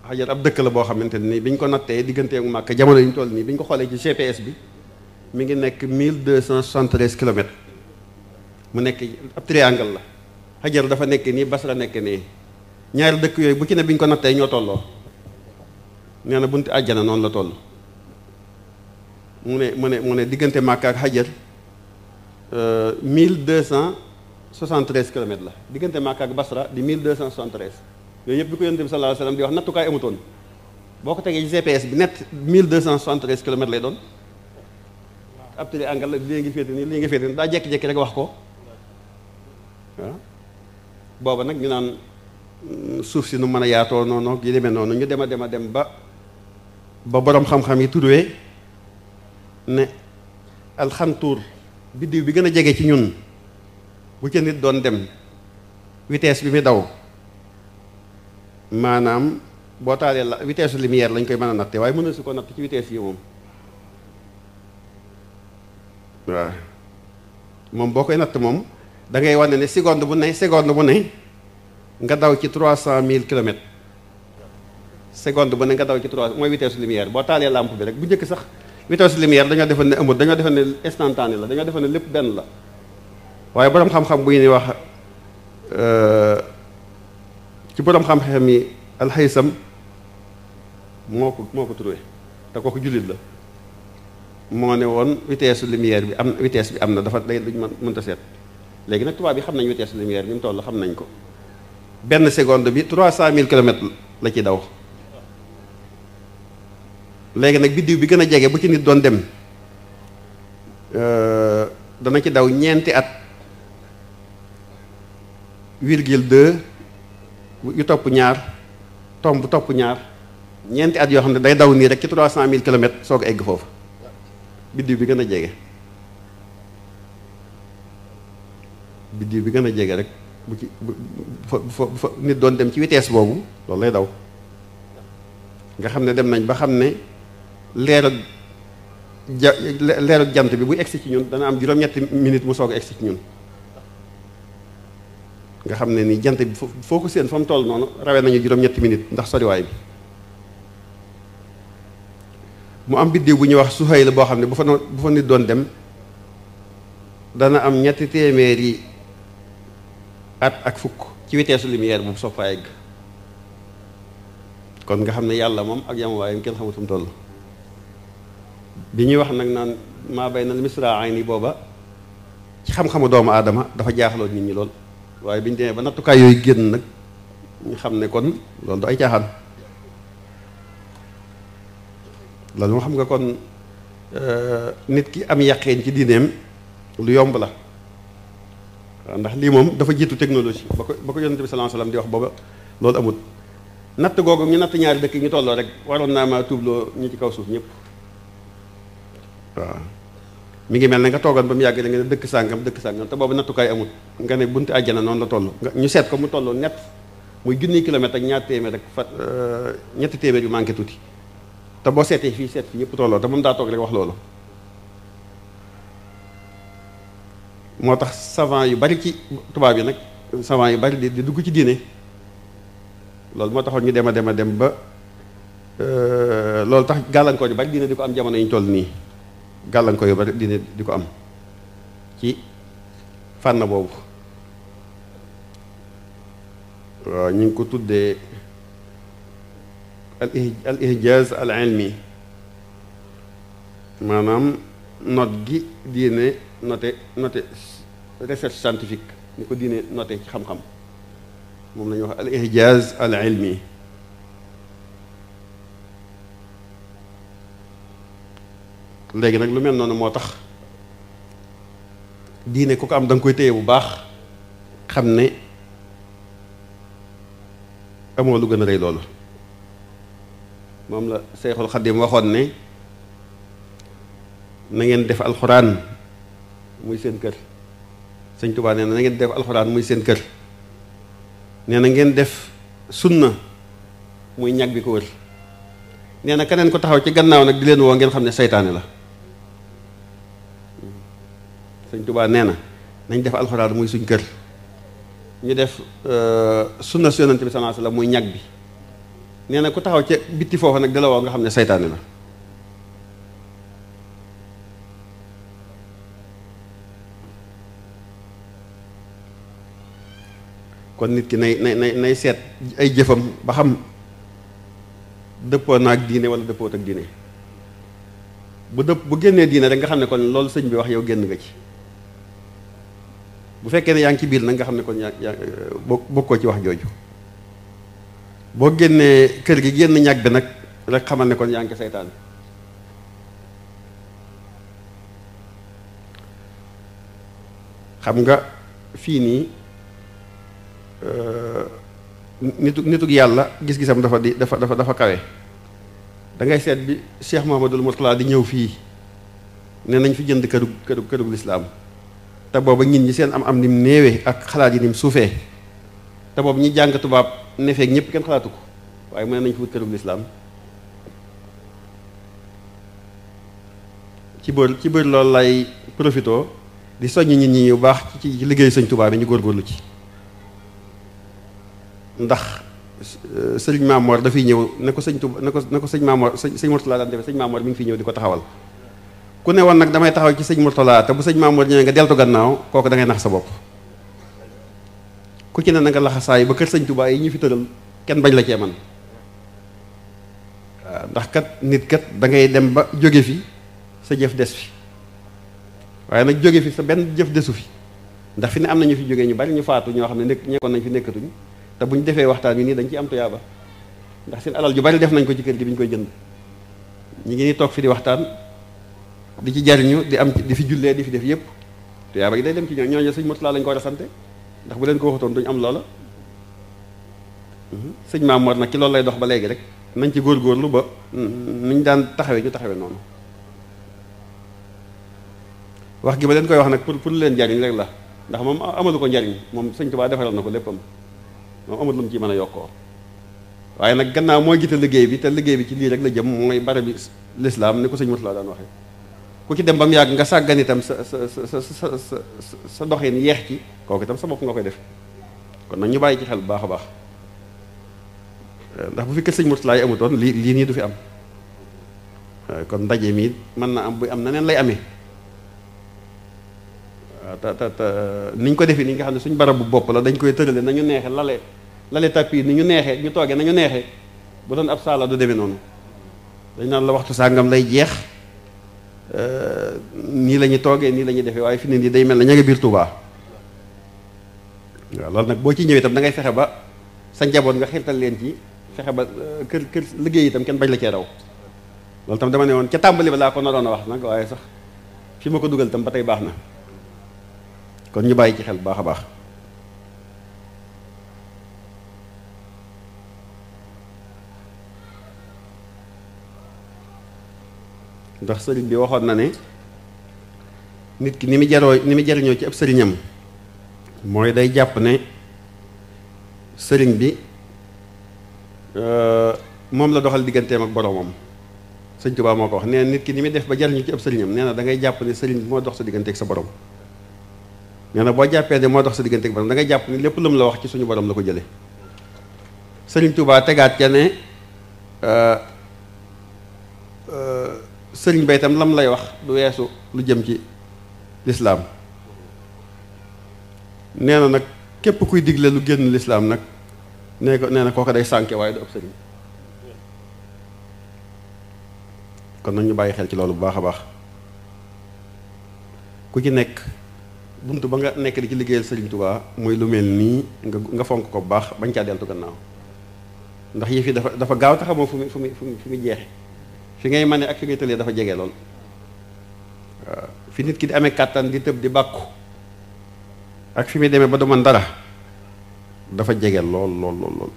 [SPEAKER 2] Hajar ab dëkk la boo xamante ni bi ñu ko nattee diggante Màkka jamono yi ñu toll nii bi ñu ko xoolee ci GPS bi mi ngi nekk 1273 kilomètres mu nekk ab triangle la Hajar dafa nekk nii Basra nekk nii ñaari dëkk yooyu bu ci ne bi ñu ko nattee ñoo tolloo nee na bunti noonu la toll mu ne mu ne mu ne diggante Màkka ak Hajar 1273 euh, kilomètres la diggante Màkka ak Basra di 1273. yooyu yëpp bi ko yonent bi sallallahu alayhi wasallam di wax nattukaay amutoon boo ko tegee GPS bi net 1273 kilomètres lay doon ab tëli àngal lii ngi féete nii lii ngi féete nii daa jekki-jekki rek wax ko waaw booba nag ñu naan mm, suuf si nu mën a yaatoo noonu gi demee noonu ñu dem a dem dem ba ba borom xam-xam yi tuddee ne alxantuur biddiw bi gën a jege ci ñun bu ca nit doon dem vitesse bi muy daw maanaam boo taalee la vitesse lumière lañ koy mën a natte waaye mën na su ko natt ci vitesse yi moom waaw moom boo koy natt moom dangay ngay wane ne seconde bu nay seconde bu ne nga daw ci trois cent mille kilomètres seconde bu ne nga daw ci trois mooy vitesse lumière boo taalee lampe bi rek bu jëkk sax vitesse lumière dañoo defoon ne amul dañoo defoon ne instantané la dañoo defoon ne lépp benn la waaye boroom xam-xam bu ñu wax. Euh, ci borom xam-xam yi alxaysam moo ko moo ko trouvé te kooku jullit la moo ne woon vitesse lumière bi am vitesse bi am na dafa day duñ mënta seet léegi nag tubaab bi xam nañ vitesse lumière bi mu toll xam nañ ko benn seconde bi trois cent mille kilomètres la ci daw léegi nag biddiw bi gën a jege bu ci nit doon dem euh, dana ci daw ñeenti at virgule deux yu topp ñaar tomb topp ñaar ñeenti at yoo xam ne day daw nii rek ci trois cent mille kilomètres soo ko egg foofu biddiw bi gën a jege biddiw bi gën a jege rek bu ci bu fa nit doon dem ci vitesse boobu loolu lay daw nga xam ne dem nañ ba xam ne leeru ja leeru jant bi bu egsi ci ñun dana am juróom-ñetti minute mu soog a egsi ci ñun nga xam ne ni jant bi foo ko seen fa mu toll noonu rawee nañu juróom-ñetti minute ndax soriwaay bi mu am biddiw bu ñuy wax suxay la boo xam ne bu fa bu nit doon dem dana am ñetti téeméer yi at ak fukk ci vitesse lumière bu soog fa egg kon nga xam ne yàlla moom ak yamuwaayam kenn xamut fu mu bi ñuy wax nag naan maa bay na misra ay ni booba ci xam-xamu doomu aadama dafa jaaxaloon nit ñi lool waaye bi ñu demee ba nattukaay yooyu génn nag ñu xam ne kon loolu du ay caaxaan loolu moo xam nga kon euh, nit ki am yàqeen ci diineem lu yomb la waaw ndax lii moom dafa jiitu technologie ba ko ba ko yonent bi sallallahu alayhi wasallam di wax booba loolu amut natt googu ñu natt ñaari dëkk ñu tolloo rek waroon naa maa tuubloo ñu ci kaw suuf ñëpp waaw mi ngi mel ne nga togon bam mu yàgg da nga dëkk sàngam dëkk sàngam te boobu nattukaay amul nga ne buntu aljana non la tollu ñu set ko mu tollu net muy jooni kilomètre ak ñaar téeméer ak fa euh, ñetti téeméer yu manké tuti te bo seetee fi set fi tollu tolloo te moom daa toog rek wax lolu motax savant yu bari ci tuba bi nak savant yu bari di dugg ci diiné lolu moo taxoon ñu dema a dem ba euh lolu tax bari diiné di am jamono yi ñu toll ni gàllankoor yu bari diine di ko am ci fànn boobu ñu ngi ko tuddee al al ihjaaz al ilmi manam not gi diine noté noté recherche scientifique ni ko diine noté ci xam-xam moom la ñuy wax al ihjaaz al ilmi léegi nag lu mel noonu moo tax diine ku ko am danga koy téye bu baax xam ne amoo lu gën a rëy loolu moom la Seexul Xadim waxoon ne na ngeen def alxuraan muy seen kër sëñ Tuubaa nee na na ngeen def alxuraan muy seen kër nee na ngeen def sunna muy ñag bi ko wër nee na keneen ko taxaw ci gannaaw nag di leen woo ngeen xam ne seytaane la sëñ Tuubaa nee na nañ def alxuraan muy suñ kër ñu def euh, sunna su yonante bi sallallahu alayhi muy ñag bi nee na ku taxaw ca bitti foofu nag dala woo nga xam ne seytaane la kon nit ki nay nay nay seet ay jëfam ba xam dëppoo naag diine wala dëppoot ak diine bu dëpp bu génnee diine rek nga xam ne kon loolu sëñ bi wax yow génn nga ci bu fekkee ne yaa ngi ci biir na nga xam ne kon yaa bokkoo ci wax jooju boo génnee kër gi génn ñàkk bi nag rek xamal ne kon yaa ngi seytaan xam nga fii nii euh, nitu nitug yàlla gis-gisam dafa di dafa dafa dafa kawe da ngay seet bi Cheikh Mouhamadoul Mourtala di ñëw fii ne nañ fi jënd këru këru kërug l'islam te booba nit ñi seen am am mu néewee ak xalaat yi mu suufee te boobu ñi jàng tubaab ne feek ñëpp kenn xalaatu ko waaye mu ne nañ fi wut kërug lislaam ci bër ci bër loolu lay profito di soññ nit ñi yu baax ci liggéey sëñ tubaab yi ñu góorgóorlu ci ndax sëñ Maamoor dafay ñëw ne ko sëñ Tuba na ko na ko sëñ Maamoor sëñ Murtala daan defee sëñ Maamoor mi ngi fi ñëw di ko taxawal ku ne nak nag damay taxaw ci seigne Murtala te bu seigne Mamour ñëwee nga deltu gannaaw koku da ngay nax sa bop ku ci ne nga la laxasaay ba keur seigne Touba yi ñi fi tëral ken bañ la ci man ndax kat nit kat da ngay dem ba joge fi sa jëf dess fi waye nak joge fi sa ben jëf dessu fi ndax fi ne am ñu fi joge ñu bari ñu faatu ño xamne nek ñeekon nañ fi nekatuñ te buñ defé waxtaan ni dañ ci am tuyaaba ndax seen alal ju bari def nañ ko ci kër gi biñ koy jënd ñi ngi ni tok fi di waxtaan di ci jariñu di am di fi jullee di fi def yëpp te yaa day dem ci ñoo ñooñu sëñ Mourtala lañ ko war ndax bu leen ko waxatoon duñ am loola mhm. sëñ Maam nag ci loolu lay dox ba léegi rek nañ ci góorgóorlu ba nuñ daan taxawee ñu taxawe noonu wax gi ba leen koy wax nag pour pour leen jariñ rek la ndax moom amalu ko njariñ moom sëñ Tuubaa defaral na ko léppam moom amul lu mu ci mën a yokkoo waaye nag gannaaw mooy gite liggéey bi te liggéey bi ci lii rek la jëm mooy bara bi lislaam ni ko sëñ Mourtala daan waxee ku ci dem ba mu yàgg nga sàggan itam sa sa sa sa sa doxin yeex ci kooku itam sa bopp nga koy def kon nag ñu bàyyi ci xel bu baax a baax ndax bu fi kër sëñ Murtala yi doon lii lii nii du fi am kon ndaje mi mën na am bu am na neen lay amee ta ta ta ko defee ni nga xam ne suñ barab bu bopp la dañ koy tërale nañu neexe lale lale tapis ni ñu neexee ñu toogee nañu neexee bu doon ab saala du demee noonu dañ naan la waxtu sàngam lay jeex Euh, nii la ñu toogee nii lañuy ñuy defee waaye fi ne nii day mel na ña nga biir Touba waaw loolu nag boo ci ñëwee itam da ngay fexe ba sa njaboot nga xirtal leen ci fexe ba euh, kër kër liggéey itam kenn bañ la cee raw loolu tam dama ne woon ca tàmbali ba laa ko naroon a wax nag waaye sax fi ma ko dugal itam ba tey baax na kon ñu bàyyi ci xel bu baax a baax. ndax sëriñ bi waxoon na ne nit ki ni mu jaroo ni mu jariñoo ci ab sëriñam mooy day jàpp ne sëriñ bi euh, moom la doxal digganteem ak boroomam sëñ Tuubaa moo ko wax nee nit ki ni muy def ba jariñu ci ab sëriñam nee na da ngay jàpp ne sëriñ bi moo dox sa digganteeg sa borom nee na boo jàppee ne moo dox sa digganteeg borom da ngay jàpp ne lépp lu mu la wax ci suñu borom la ko jële sëriñ Tuubaa tegaat ca ne euh, euh, sëriñ ba itam lam lay wax du weesu lu jëm ci lislaam nee na nag képp kuy digle lu génn lislaam nag nee ko nee na kooka day sànke waaye du ab sëriñ kon nag ñu bàyyi xel ci loolu bu baax a baax ku ci nekk bunt ba nga nekk di ci liggéeyal sëriñ tubaa muy lu mel nii nga nga fonk ko bu baax bañ caa deltu gannaaw ndax yëf yi dafa dafa gaaw te xamoo fu mu fu mu fu mu jeexe fi ngay mané ak fi ngay télé dafa jégé lool fi nit ki di amé katan di teub di bakku ak fi mi démé ba dama dara dafa jégé lool lool lool lool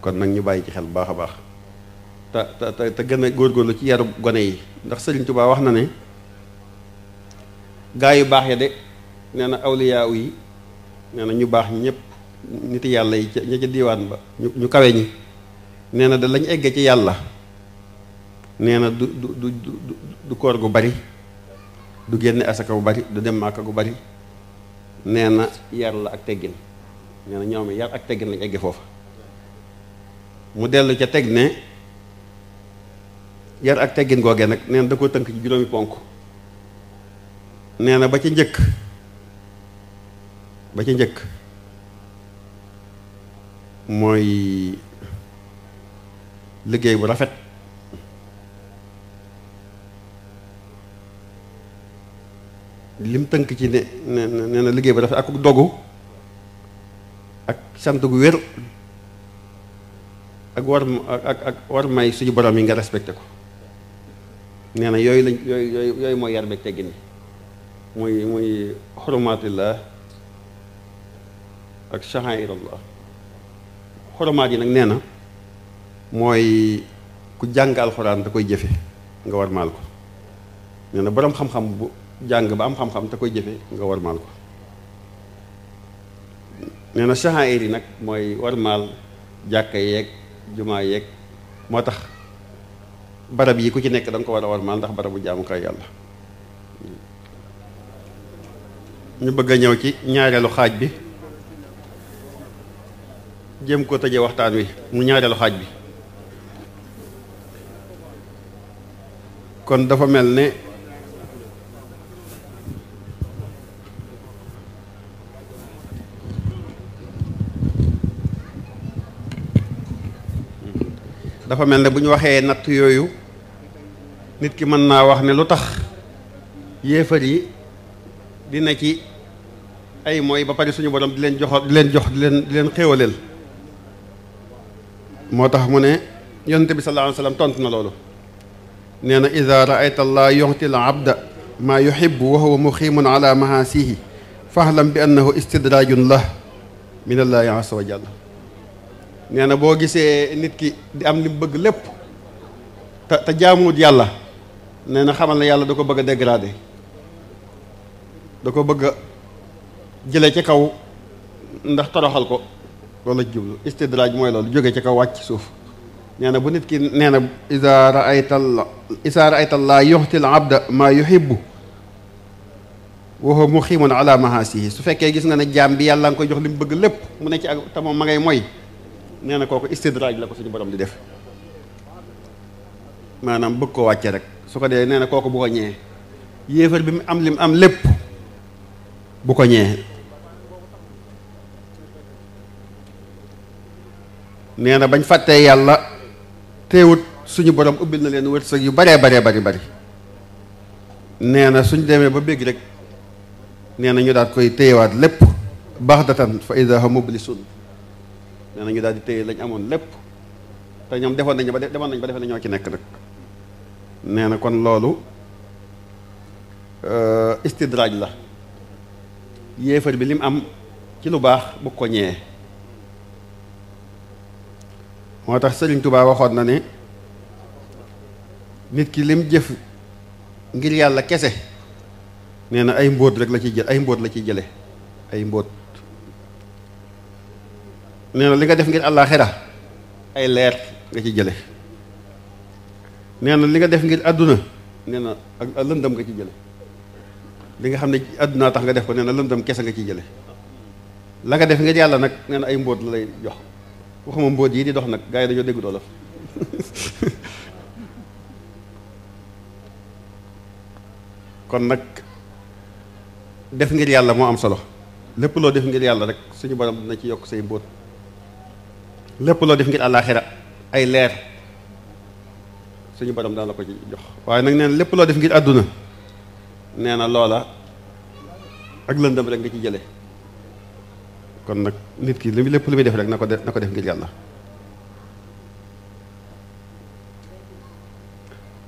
[SPEAKER 2] kon nak ñu bayyi ci xel baaxa baax ta ta ta, ta gëna gor gor lu ci yaru goné yi ndax serigne touba wax na né gaay yu baax ya dé néna awliya yi néna ñu baax ñepp nit yalla yi ñi ci diwan ba ñu kawé ñi nee na da lañ egge ci yàlla nee na du du du du koor gu bari du génne asaka bu bari du dem màkka gu bari nee na yar la ak teggin nee na yar ak teggin lañ egg foofa mu dellu ca tegne ne yar ak teggin googee nag nee da ko tënk ci juróomi ponk nee na ba ca njëkk ba ca njëkk mooy liggéey bu rafet lim tënk ci ne ne na liggéey bu rafet ak dogu ak sant gu wér ak war ak may suñu borom yi nga respecté ko nee na yooyu lañ yooyu yooyu mooy yar beeg teggin muy muy xurumaatillah ak sha'airallah xurumaat yi nag nee na Moy ku jang alquran te koy jëfe nga war mal ko nee borom xam-xam bu jang ba am xam-xam te koy jëfe nga war mal ko nee shahairi nak moy war mal jàkka yek juma yek motax barab yi ku ci nek da ko war mal war ndax barabu jaamukaay yalla ñu bëgg ñew ñëw ci ñaareelu xaj bi jëm ko taje waxtaan wi mu ñaareelu xaj bi kon dafa mel ne dafa mel ne bu ñu waxee natt yooyu nit ki mën naa wax ne lu tax yéefar yi dina ci ay mooy ba pare suñu borom di leen joxo di leen jox di leen di leen xéewaleel moo tax mu ne yonent bi sallallahu alayhi wa tontu na loolu نينا إذا رأيت الله يعطي العبد ما يحب وهو مخيم على معاصيه فاعلم بأنه استدراج الله من الله عز وجل نينا بو غيسي نيت كي دي ام لي بغ لب تا جامود يالا نينا خمال يالا دكو بغ ديغرادي دكو بغ جيلي تي كاو ndax toroxal ko wala jublu istidraj moy lolou joge ci kaw wacc suuf نانا بو نيت كي نانا اذا رايت الله اذا رايت الله يهتي العبد ما يحب وهو مخيم على مهاسيه سو فكاي غيس نانا جام بي يالا نكو جوخ لي مبغ لب مو نتي تا موم ماغي موي نانا كوكو استدراج لاكو سوني بروم دي ديف مانام بوكو واتي رك سوكو دي نانا كوكو بوكو ني ييفر بيم ام لم ام لب بوكو ني نانا بان فاتي يالا teewut suñu borom ubbil na leen wërsëg yu baree baree bari bari nee na suñ demee ba bégg rek nee na ñu daal koy téyewaat lépp baax datan fa ida hum mublisun nee na ñu daal di téye lañ amoon lépp te ñoom defoon nañ ba defoon nañ ba defee nañoo ci nekk nag nee na kon loolu euh, istidraaj la yéefar bi lim am ci lu baax bu ko ñëwee moo tax sëriñ Touba waxoon na ne nit ki lim jëf ngir yàlla kese nee na ay mbóot rek la ciy jël ay mbóot la ciy jële ay mbóot nee na li nga def ngir àllaaxira ay leer nga ci jële nee na li nga def ngir àdduna nee na ak lëndëm nga ci jële li nga xam ne àdduna tax nga def ko nee na lëndëm kese nga ciy jële la nga def ngir yàlla nag nee na ay mbóot la lay jox waxuma mbóot yi di dox nag gars yi dañoo dégg doolof kon nag def ngir yàlla moo am solo lépp loo def ngir yàlla rek suñu borom dina ci yokk say mbóot lépp loo def ngir àllaaxira ay leer suñu baram daan la ko ci jox waaye nag nee na lépp loo def ngir àdduna nee na loola ak lëndëm rek nga ci jële kon nag nit ki lépp lu muy def rek na ko def na ko def ngir yàlla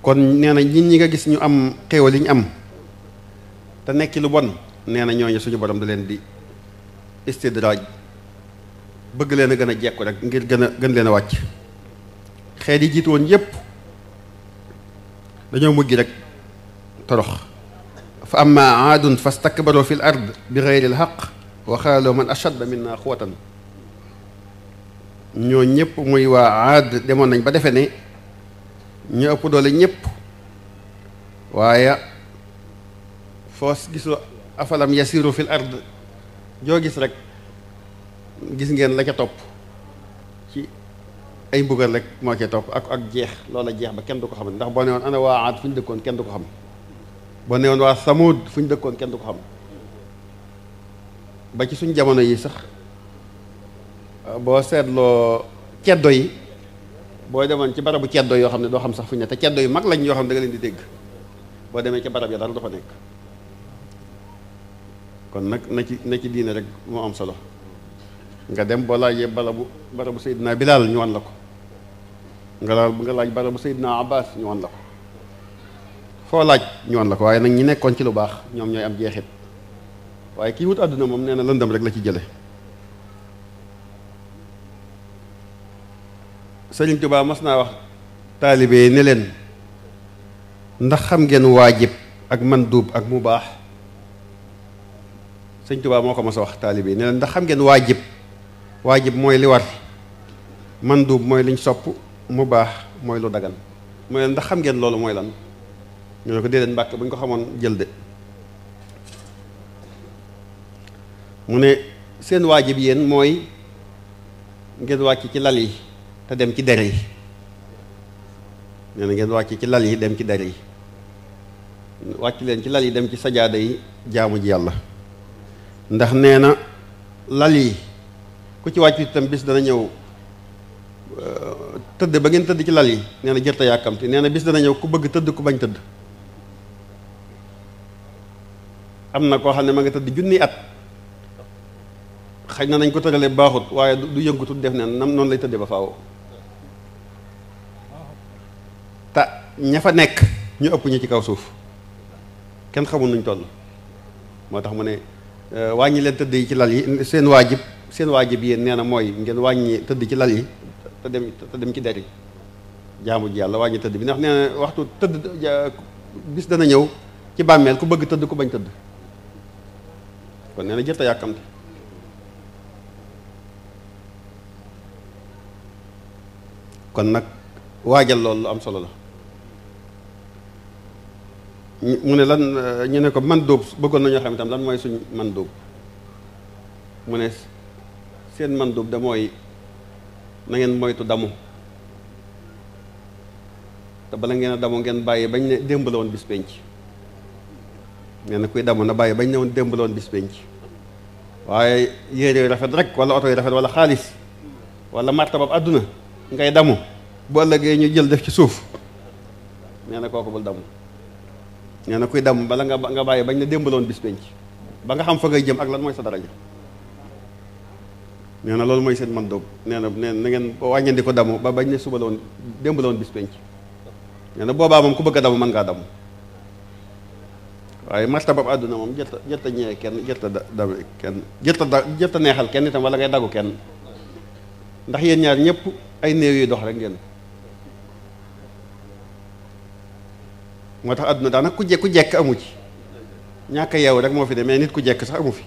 [SPEAKER 2] kon nee na ñit ñi nga gis ñu am xéewal li ñu am te nekk lu bon nee na ñooñu suñu borom da leen di istidraaj bëgg leen a gën a jekku rek ngir gën a gën leen a wàcc xeet yi jiitu woon yépp dañoo mujj rek torox fa amma aadun fastakbaru fi l ard bi geyri l xaq waxaaloo man ashadda minna quwwatan ñoo ñëpp muy waa aad demoon nañ ba defe ne ñoo ëpp doole ñëpp waaye foos gisoo afalam yasiru fil ard joo gis rek gis ngeen la topp ci ay mbugal rek moo ca topp ak ak jeex loola jeex ba kenn du ko xam ndax boo ne woon ana waa aad fu ñu dëkkoon kenn du ko xam boo ne waa samuud fu ñu dëkkoon kenn du ko xam ba ci suñu jamono yi sax bo seetloo ceddo yi bo demone ci barabu ceddo yo xamne do xam sax fuñu ne te ceddo yu mag lañ yo xam da nga leen di deg bo demé ci barab ya dara do fa nek kon nak na ci na ci diine rek mo am solo nga dem bo laaje barabu barabu sayyidina Bilal ñu wan lako nga laal nga laaj barabu sayyidina Abbas ñu wan lako fo laaj ñu wan lako waye nak ñi nekkon ci lu baax ñom ñoy am jeexit waaye kii wut àdduna moom nee na lëndam rek la ci jële sëriñ Tuubaa mas naa wax taalibe yi ne leen ndax xam ngeen waajib ak manduub ak mu baax sëriñ moo ko mas a wax taalibe yi ne ndax xam ngeen waajib waajib mooy li war duub mooy liñ sopp mu baax mooy lu dagan mooy leen ndax xam ngeen loolu mooy lan ñoo ne ko déedéet mbàkk bu ñu ko xamoon jël de mu ne seen waajib yéen mooy ngeen wàcc ci lal yi te dem ci der yi nee na ngeen wàcc ci lal yi dem ci der yi wàcc leen ci lal yi dem ci sajaada yi jaamu ji yàlla ndax nee na lal yi ku ci wàcc itam bis dana ñëw eh, tëdd ba ngeen tëdd ci lal yi nee na jërta yàkkamti nee na bis dana ñëw ku bëgg tëdd ku bañ tëdd am na koo xam ne ma nga tëdd junni at xëy na nañ ko tëralee baaxut waaye du yëngutu def ne nam noonu lay tëddee ba faaw ta ña fa nekk ñu ëpp ñi ci kaw suuf kenn xamul nuñ toll moo tax mu ne euh, wàññi leen tëdd ci lal yi seen waajib seen waajib yéen nee na mooy ngeen wàññi tëdd ci lal yi te dem te dem ci der yi jaamu ji yàlla wàññi tëdd bi ndax nee waxtu tëdd bis dana ñëw ci bàmmeel ku bëgg tëdd ku bañ tëdd kon nee na jërta yàkkamte kon nag waajal loolu lu am solo la mu ne lan ñu ne ko man dóob bëggoon nañoo xam itam lan mooy suñ man dóob mu ne seen man dóob da mooy na ngeen moytu damu te bala ngeen damu ngeen bàyyi bañ ne démb la woon bis penc nee kuy damu na bàyyi bañ ne woon démb la woon bis waaye yére yu rafet rek wala oto yu rafet wala xaalis wala martabab àdduna ngay damu bu ëllëgee ñu jël def ci suuf nee na kooku bul damu nee na kuy damu bala nga nga bàyyi bañ ne démbaloon bis penc ba nga xam fa ngay jëm ak lan mooy sa daraja nee na loolu mooy seen man doob nee na nee na ngeen wàññeen di ko damu ba bañ ne suba la woon démb bis penc nee boobaa moom ku bëgg a damu mën ngaa damu waaye martaba àdduna moom jërta jërta ñëwee kenn jërta da dame kenn jërta da jërta neexal kenn itam wala ngay dagu kenn ndax yéen ñaar ñëpp ay néew yuy dox rek ngeen moo tax àdduna daanaka ku jekk ku jekk amu ci ñàkk yeewu rek moo fi demee nit ku jekk sax amu fi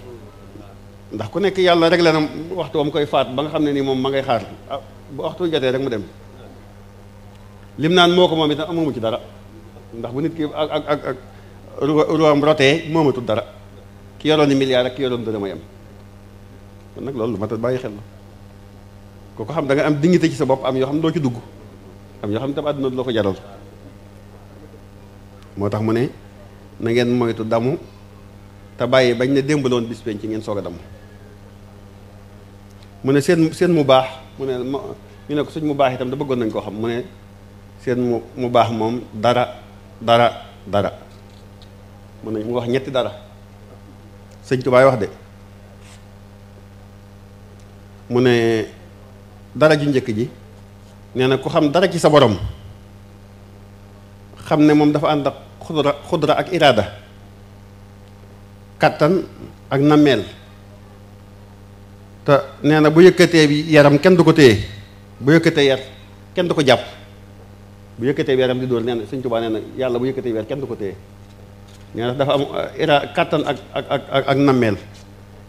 [SPEAKER 2] ndax ku nekk yàlla rek la waxtu mu koy faat ba nga xam ne nii moom ma ngay xaar ah, bu waxtu jotee rek mu dem lim naan moo ko moom itam amu ci dara ndax bu nit ki ak ak ak moomatul dara ki yoroon ni milliard ak ki yoroon dërëm a yem kon nag loolu lu mat bàyyi xel la ku ko xam da nga am dignité ci sa bopp am yoo xam ne doo ci dugg am yoo xam ne tam àdduna du la ko jaral moo tax mu ne na ngeen moytu damu te bàyyi bañ ne démb loon bis penc ci ngeen soog a damm mu ne seen seen mu baax mu ne ñu ne ko suñ mu baax itam da bëggoon koo xam mu ne seen mu baax moom dara dara dara mu ne mu wax ñetti dara sëñ Tubaay wax de mu ne dara ju njëkk ji nee na ku xam dara ci sa borom xam ne moom dafa ànd ak xudra ak iraada kàttan ak nammeel te nee na bu yëkkatee bi yaram kenn du ko téye bu yëkkatee yar kenn du ko jàpp bu yëkkatee bi yaram di dóor nee na Sëñ Tuubaa nee na yàlla bu yëkkatee bi yar kenn du ko téye nee dafa am uh, ira kàttan ak ak ak ak nammeel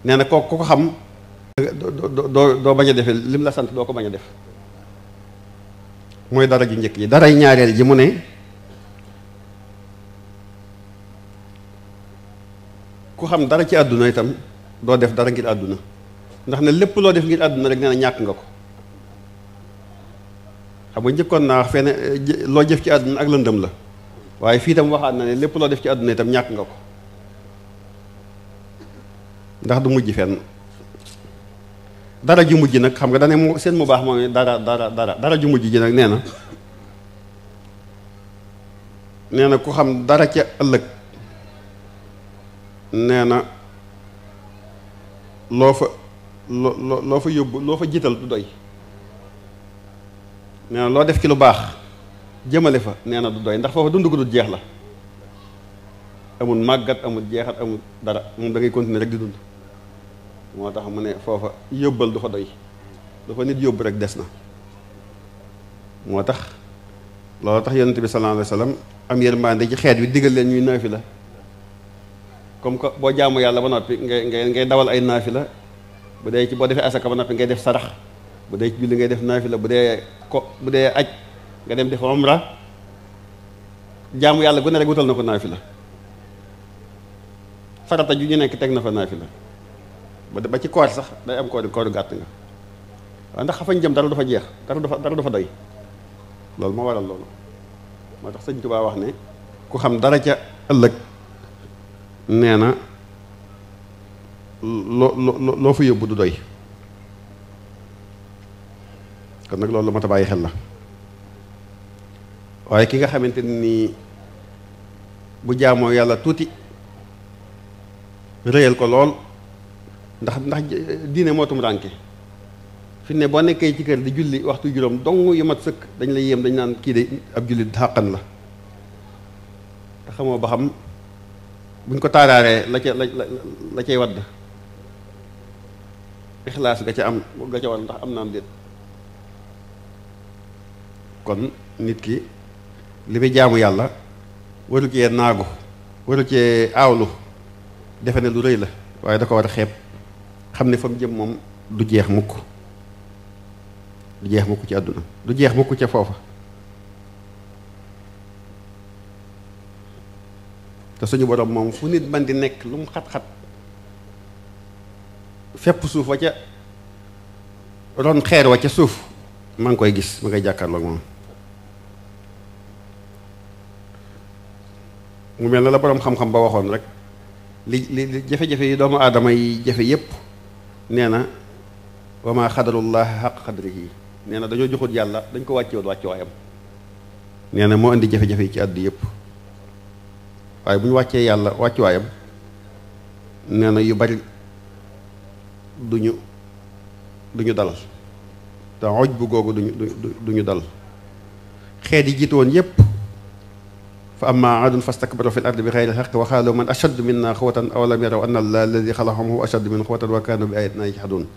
[SPEAKER 2] nee na kooku xam doo doo bañ a defee lim la sant doo ko bañ a def mooy dara ji njëkk ji daray ñaareel ji mu ne ku xam dara ci àdduna itam doo def dara ngir àdduna ndax ne lépp loo def ngir àdduna rek nee na ñàkk nga ko xam nga njëkkoon naa wax fene loo jëf ci àdduna ak lëndëm la waaye fii tam waxaat na ne lépp loo def ci àdduna itam ñàkk nga ko ndax du mujj fenn dara ju mujj nag xam nga dana mu seen mu baax moom dara dara dara dara ju mujj ji nag neena na nee na ku xam dara ca ëllëg nee na loo fa loo loo fa yóbbu loo fa jiital du doy nee na loo def ci lu baax jëmale fa nee na du doy ndax foofa dund ko du jeex la amul màggat amul jeexat amul dara moom da ngay continuer rek di dund moo tax mu ne foofa yóbbal du fa doy du fa nit yóbbu rek des na moo tax loolu tax yonent bi sallallahu alayhi wa sallam am yërmande ci xeet wi digal leen ñuy naafila comme que boo jaamu yàlla ba noppi ngay ngay ngay dawal ay naafila bu dee ci boo defee asaka ba noppi ngay def sarax bu dee ci julli ngay def naafila bu dee ko bu dee aj nga dem def omra jaamu yàlla gu ne rek wutal na ko naafila farata ju ñu nekk teg na fa naafila ba ci koor sax day am koodu koodu gàtt yi waaye ndax fañ jëm dara dafa jeex dara dafa dara dafa doy loolu moo waral loolu sëñ Tuubaa wax ne ku xam dara ca ëllëg nee na loo loo loo fa yóbbu ma ta bàyyi xel la waaye ki nga xamante nii bu jaamoo yàlla tuuti réyal ko lool ndax ndax diine moo tum rànke fi ne boo nekkee ci kër di julli waxtu juróom dong yu mat sëkk dañ la yéem dañ naan kii de ab julli xàqan la te xamoo ba xam buñ ko taaraaree la ca la la cay wadd ixlaas ga ca am ga ca war ndax am naam déet kon nit ki li muy jaamu yàlla waru cee naagu waru cee aawlu defe ne lu rëy la waaye da ko war a xeeb xam ne fa mu jëm moom du jeex mukk du jeex mukk ci àdduna du jeex mukk ca foofa te suñu borom moom fu nit man di nekk lu mu xat-xat fépp suuf wa ca ron xeer wa ca suuf maa ngi koy gis ma ngay jàkkaarloo moom mu mel na la boroom xam-xam ba waxoon rek li li jafe-jafe yi doomu aadama yi jafe yépp nee na wa maa xadarullah xaq xadrihi nee na dañoo joxut yàlla dañ ko wàccewoon wàccuwaayam nee na moo indi jafe-jafe yi ci àddu yëpp waaye bu ñu wàccee yàlla wàccuwaayam nee na yu bari duñu duñu dal te xoj bu googu duñu duñu dal xeet yi jiitu woon yëpp فاما عاد فاستكبروا في الارض بغير الحق وقالوا من اشد منا قوة اولم يروا ان الذي خلقهم هو اشد من قوة وكانوا بآياتنا يجحدون.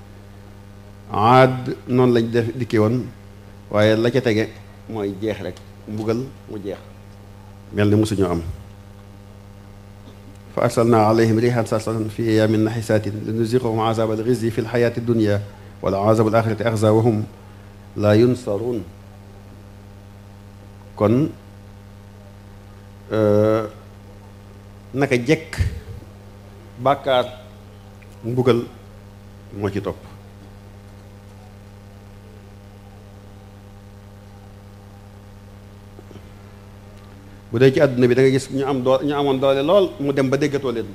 [SPEAKER 2] عاد نون لاج ديكيون واي لا تي تيغي موي جيخ رك مبوغل مو جيخ ملني مسوني ام فارسلنا عليهم ريحا سرسرا في ايام النحسات لنزيقهم عذاب الغزي في الحياة الدنيا والعذاب الاخرة اخزا وهم لا ينصرون. كن naka jekk bàkkaar mbugal moo ci topp bu dee ci àdduna bi da gis ñu am doole ñu amoon doole lool mu dem ba déggatoo leen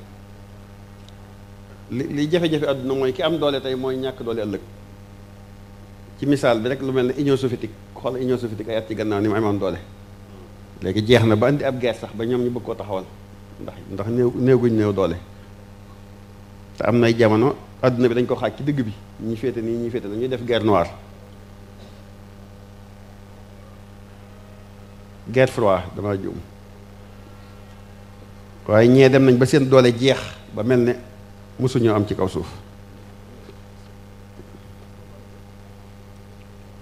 [SPEAKER 2] li li jafe-jafe àdduna mooy ki am doole tey mooy ñàkk doole ëllëg ci misaal bi rek lu mel ne Union soviétique xool Union soviétique ay at ci gannaaw ni mu amoon doole léegi jeex na ba indi ab guerre sax ba ñoom ñu bëgg koo taxawal ndax ndax néew néew guñ néew doole te am nay jamono àddina bi dañ ko xaaj ci digg bi ñi féete nii ñi féete na def guerre noire guerre froide dama juum waaye ñee dem nañ ba seen doole jeex ba mel ne mosuñoo am ci kaw suuf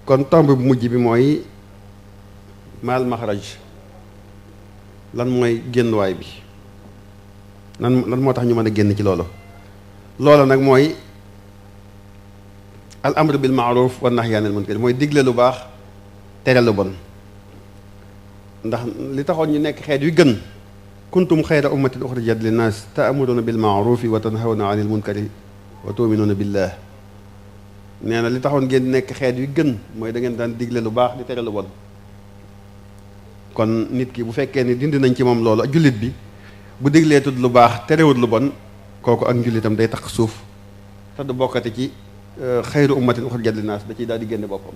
[SPEAKER 2] kon tomb bu mujj bi mooy mal maxraj lan moy genn way bi lan lan motax ñu mëna génn ci loolu loolu nak moy al amru bil ma'ruf wa nahy anil munkar moy digle lu bax tere lu bon ndax li taxoon ñu nekk xeet yu gën kuntum xayra ummatin lin nas ta'muruna bil ma'ruf wa tanhawna anil munkar wa tu'minuna billah nee li taxoon ngeen nekk xeet yu gën moy da ngeen daan digle lu bax di tere lu bon kon nit ki bu fekkee ni dindi nañ ci moom loolu julit bi bu diglee tudd lu baax terewut lu bon kooku ak njullitam day tax suuf te du bokkati ci xayru ummatin uxrijat linnaas da ciy daal di génne boppam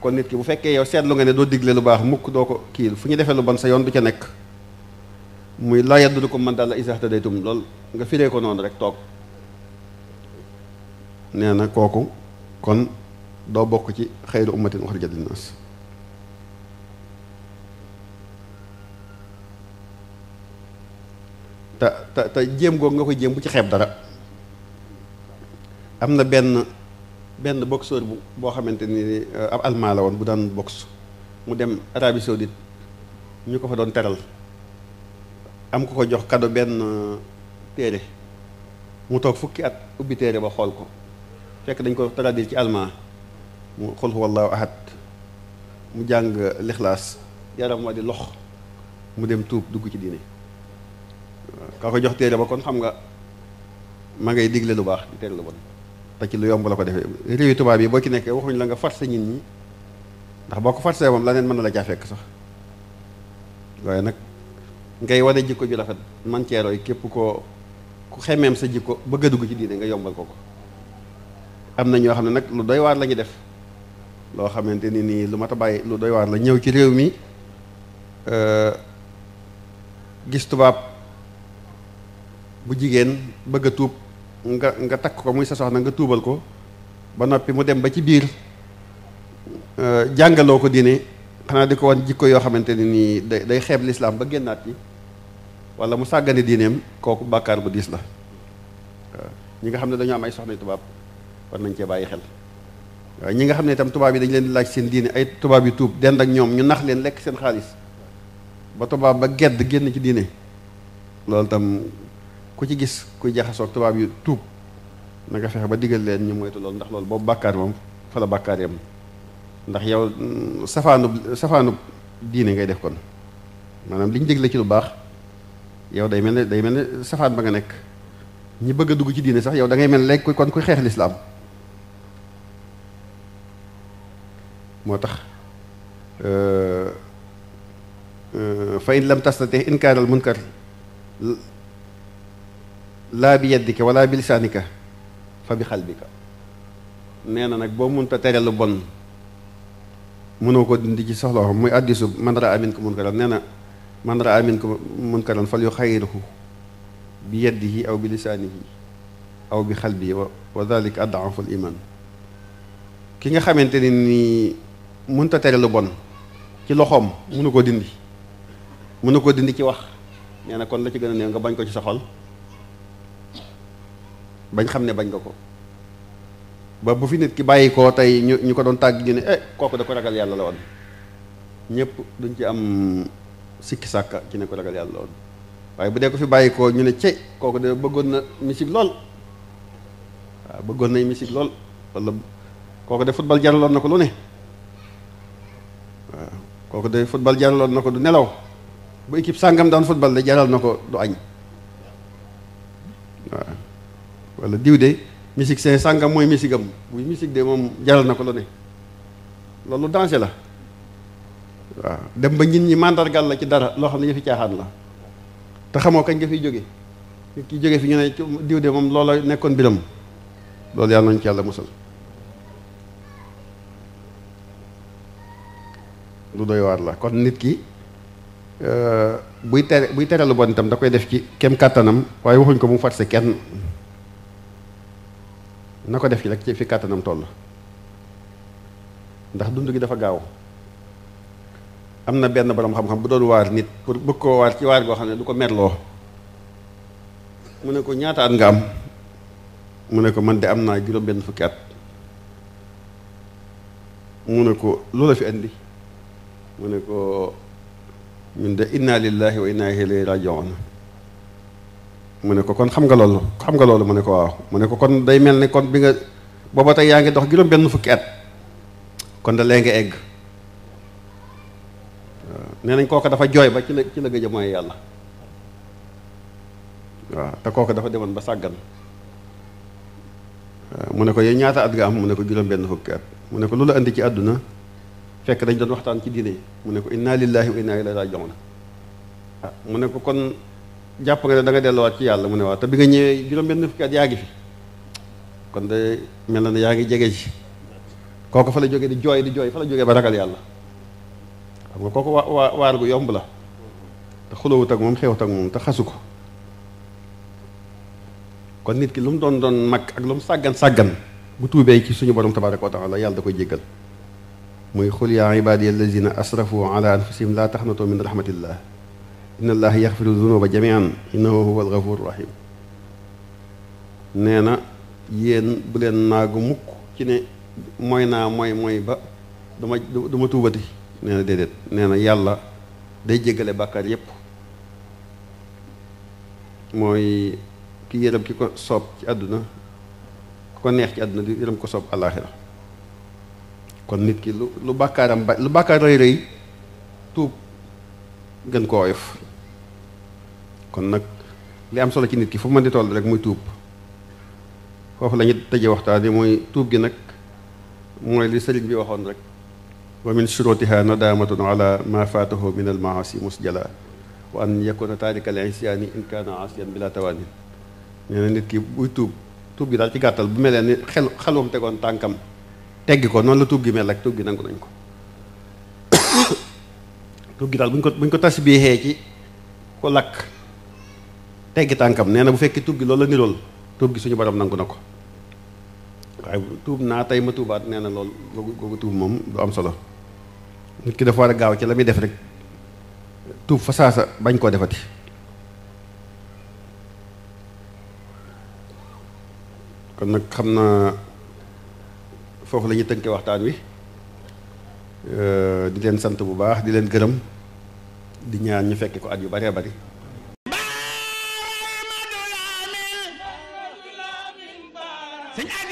[SPEAKER 2] kon nit ki bu fekkee yow seetlu nga ne doo digle lu baax mukk doo ko kiil fu ñu defee lu bon sa yoon du ca nekk muy laa yaddurukum man dalla izaa tadaytum loolu nga firee ko noonu rek toog nee na kooku kon doo bokk ci xayru ummatin uxrijat linnaas ta ta ta jëm googu nga koy jëm bu ci xeb dara amna na ben boxeur bu bo xamanteni euh, ab almaa la bu dan box mu dem Arabie Saoudite ñu ko fa don teral am ko ko jox cadeau ben euh, téré mu tok fukki at ubi téré ba xol ko fekk dañ ko traduire ci mu khul huwallahu ahad mu jang l'ikhlas yaram wadi lox mu dem tuub dugg ci dine kaa ko jox téere ba kon xam nga ma ngay digle lu baax di tere lu bon te ci lu yomb la ko defee réewi tubaab yi boo ci nekkee waxuñ la nga far sa nit ñi ndax boo ko far moom la neen mën na la caa sax waaye nag ngay wane jikko ju rafet man cee képp koo ku xemeem sa jikko bëgg a dugg ci diine nga yombal ko ko am na ñoo xam ne nag lu doy waar def loo xamante ni nii lu mat a bàyyi lu doy waar la ñëw ci réew mi euh, gis tubaab bu jigéen bëgg a tuub nga nga takk ko muy sa soxna nga tuubal ko ba noppi mu dem ba ci biir euh, jàngaloo ko diine xanaa di ko wan jikko yoo xamante ni nii day day xeeb lislaam ba génnaat yi wala mu sàggane diineem kooku bàkkaar bu diis la euh, ñi nga xam ne dañoo am ay soxna tubaab war nañ cee bàyyi xel euh, ñi nga xam ne itam tubaab yi dañ leen laaj seen diine ay tubaab yi tuub dend ak ñoom ñu nax leen lekk seen xaalis ba tubaab ba gedd génn ci diine loolu tam ku ci gis kuy jaxasoog tubaab yu tuub na nga fexe ba digal leen ñu moytu loolu ndax loolu boobu bàkkaar moom fa la bàkkaar yam ndax yow safaanub mm, safaanub diine ngay def kon maanaam liñ ñu dégle ci lu baax yow day mel ne day mel ne safaan ba nga nekk ñi bëgg a dugg ci diine sax yow da ngay mel léegi kon kuy xeex lislaam moo tax euh, euh, fa in lam tastati inkaar al munkar laa bi yeddika wala bi lisaanika fa bi xalbika nee na nag boo mënta tere lu bon mënoo ko dindi ci soxla muy addisu man raa minkum munkaran nee na man raa minkum munkaran fal yuxayyirhu bi yadihi aw bi lisaanihi aw bi xalbihi wa dalika ad'afu al iman ki nga xamante ne nii mënta tere lu bon ci loxoom mënu ko dindi mënu ko dindi ci wax nee na kon la ci gën a néew nga bañ ko ci sa xol bañ xam ne bañ nga ko ba bu fi nit ki bàyyi tey ñu ñu ko doon tàgg ñu ne eh, kooku da ko ragal yàlla la woon ñëpp duñ ci am sikki sàkka ci ne ko ragal yàlla la woon waaye bu dee ko fi bàyyi ñu ne ci kooku de bëggoon na misik lool waaw bëggoon nay misik lool wala kooku de football jaraloon na ko lu ne waaw kooku de football jaraloon na ko du nelaw bu équipe sàngam daan football de jaral na ko du añ waaw wala diw de musique seen sàngam mooy musique am buy musique de moom jaral na ko lu ne loolu danger la waaw dem ba nit ñi màndargal la ci dara loo xam ne yëfi caaxaan la te xamoo kañ nga fiy jóge ki jóge fi ñu ne diw de moom loola nekkoon biram loolu yàlla nañ ci yàlla musal lu doy waar la kon nit ki euh, buy tere buy tere lu bon itam da koy def ci kem kàttanam waaye waxuñ ko mu forcé kenn na ko def ci rek ci fi kàttanam toll ndax dund gi dafa gaaw am na benn boroom xam-xam bu doon waar nit pour bëgg koo waar ci waar goo xam ne du ko merloo mu ne ko ñaata at nga am mu ne ko man de am naa juróom benn fukki at mu ne ko loola fi andi mu ne ko ñun de inna lillahi wa inna ilayhi raji'un mané ko kon xam nga loolu xam nga loolu mané ko waaw mané ko kon day melni kon bi nga booba tay yaangi dox juróom benn fukki at kon da lee nga egg nee nañ kooka dafa joy ba ci ci la gëjë moy yalla wa ta te kooka dafa demoon ba sagal mu ne ko yow ñaata at ga am mu ne ko juróom benn fukki at mu ne ko lolu andi ci aduna fekk dañ doon waxtaan ci diine mu ko inna lillahi wa inna ilaihi raji'un mu ko kon jàpp nga ne da nga delluwaat ci yàlla mu ne waaw te bi nga ñëwee juróom-benn fukki at yaa ngi fi kon de mel na ne yaa ngi jege ji kooku fa la jógee di jooy di jooy fa la jógee ba ragal yàlla xam nga kooku waa waar gu yomb la te xulawut ak moom xewut ak moom te xasu ko kon nit ki lu mu doon doon mag ak lu mu sàggan sàggan bu tuubee ci suñu borom tabaraka wa taala yàlla da koy jéggal muy xul yaa ibaadiya allazina asrafu ala anfusihim laa taxnatu min rahmatillah inna allaha yaxfiru dunuba jamian innahu huwa alxafuru rahim nee na yéen bu leen naagu mukk ci ne mooy naa mooy mooy ba dama dama tuubati nee na déedéet nee yàlla day jéggale bàkkaar yépp mooy ki yërëm ki ko soob ci àdduna ku ko neex ci àdduna di yërëm ko soob àllaaxira kon nit ki lu lu bàkkaaram lu bàkkaar rëy rëy tuub gën ko woyof kon nag li am solo ci nit ki fu mu mën di toll rek muy tuub foofu la ñu tëje waxtaan yi mooy tuub gi nag mooy li sëriñ bi waxoon rek wa min shurutiha nadamatun ala ma fatahu min al maasi musjala wa an yakuna taarika al isyaani in kaana asiyan bila tawaanin nee na nit ki buy tuub tuub gi daal ci gàttal bu melee ni xel xelum tegoon tànkam teggi ko noonu la tuub gi mel rek tuub gi nangu nañ ko tuub gi daal buñ ko buñ ko tasbiixee ci ko lakk teggi tànkam nee na bu fekkee tuub gi loolu la lool tuub gi suñu borom nangu na ko waaye tuub naa tey ma tuubaat nee na loolu googu googu tuub moom du am solo nit ki dafa war a gaaw ci la muy def rek tuub fa saasa bañ koo defati kon nag xam naa foofu la ñuy waxtaan wi di leen sant bu baax di leen gërëm di ñaan ñu fekke ko at yu baree bari
[SPEAKER 1] sëñ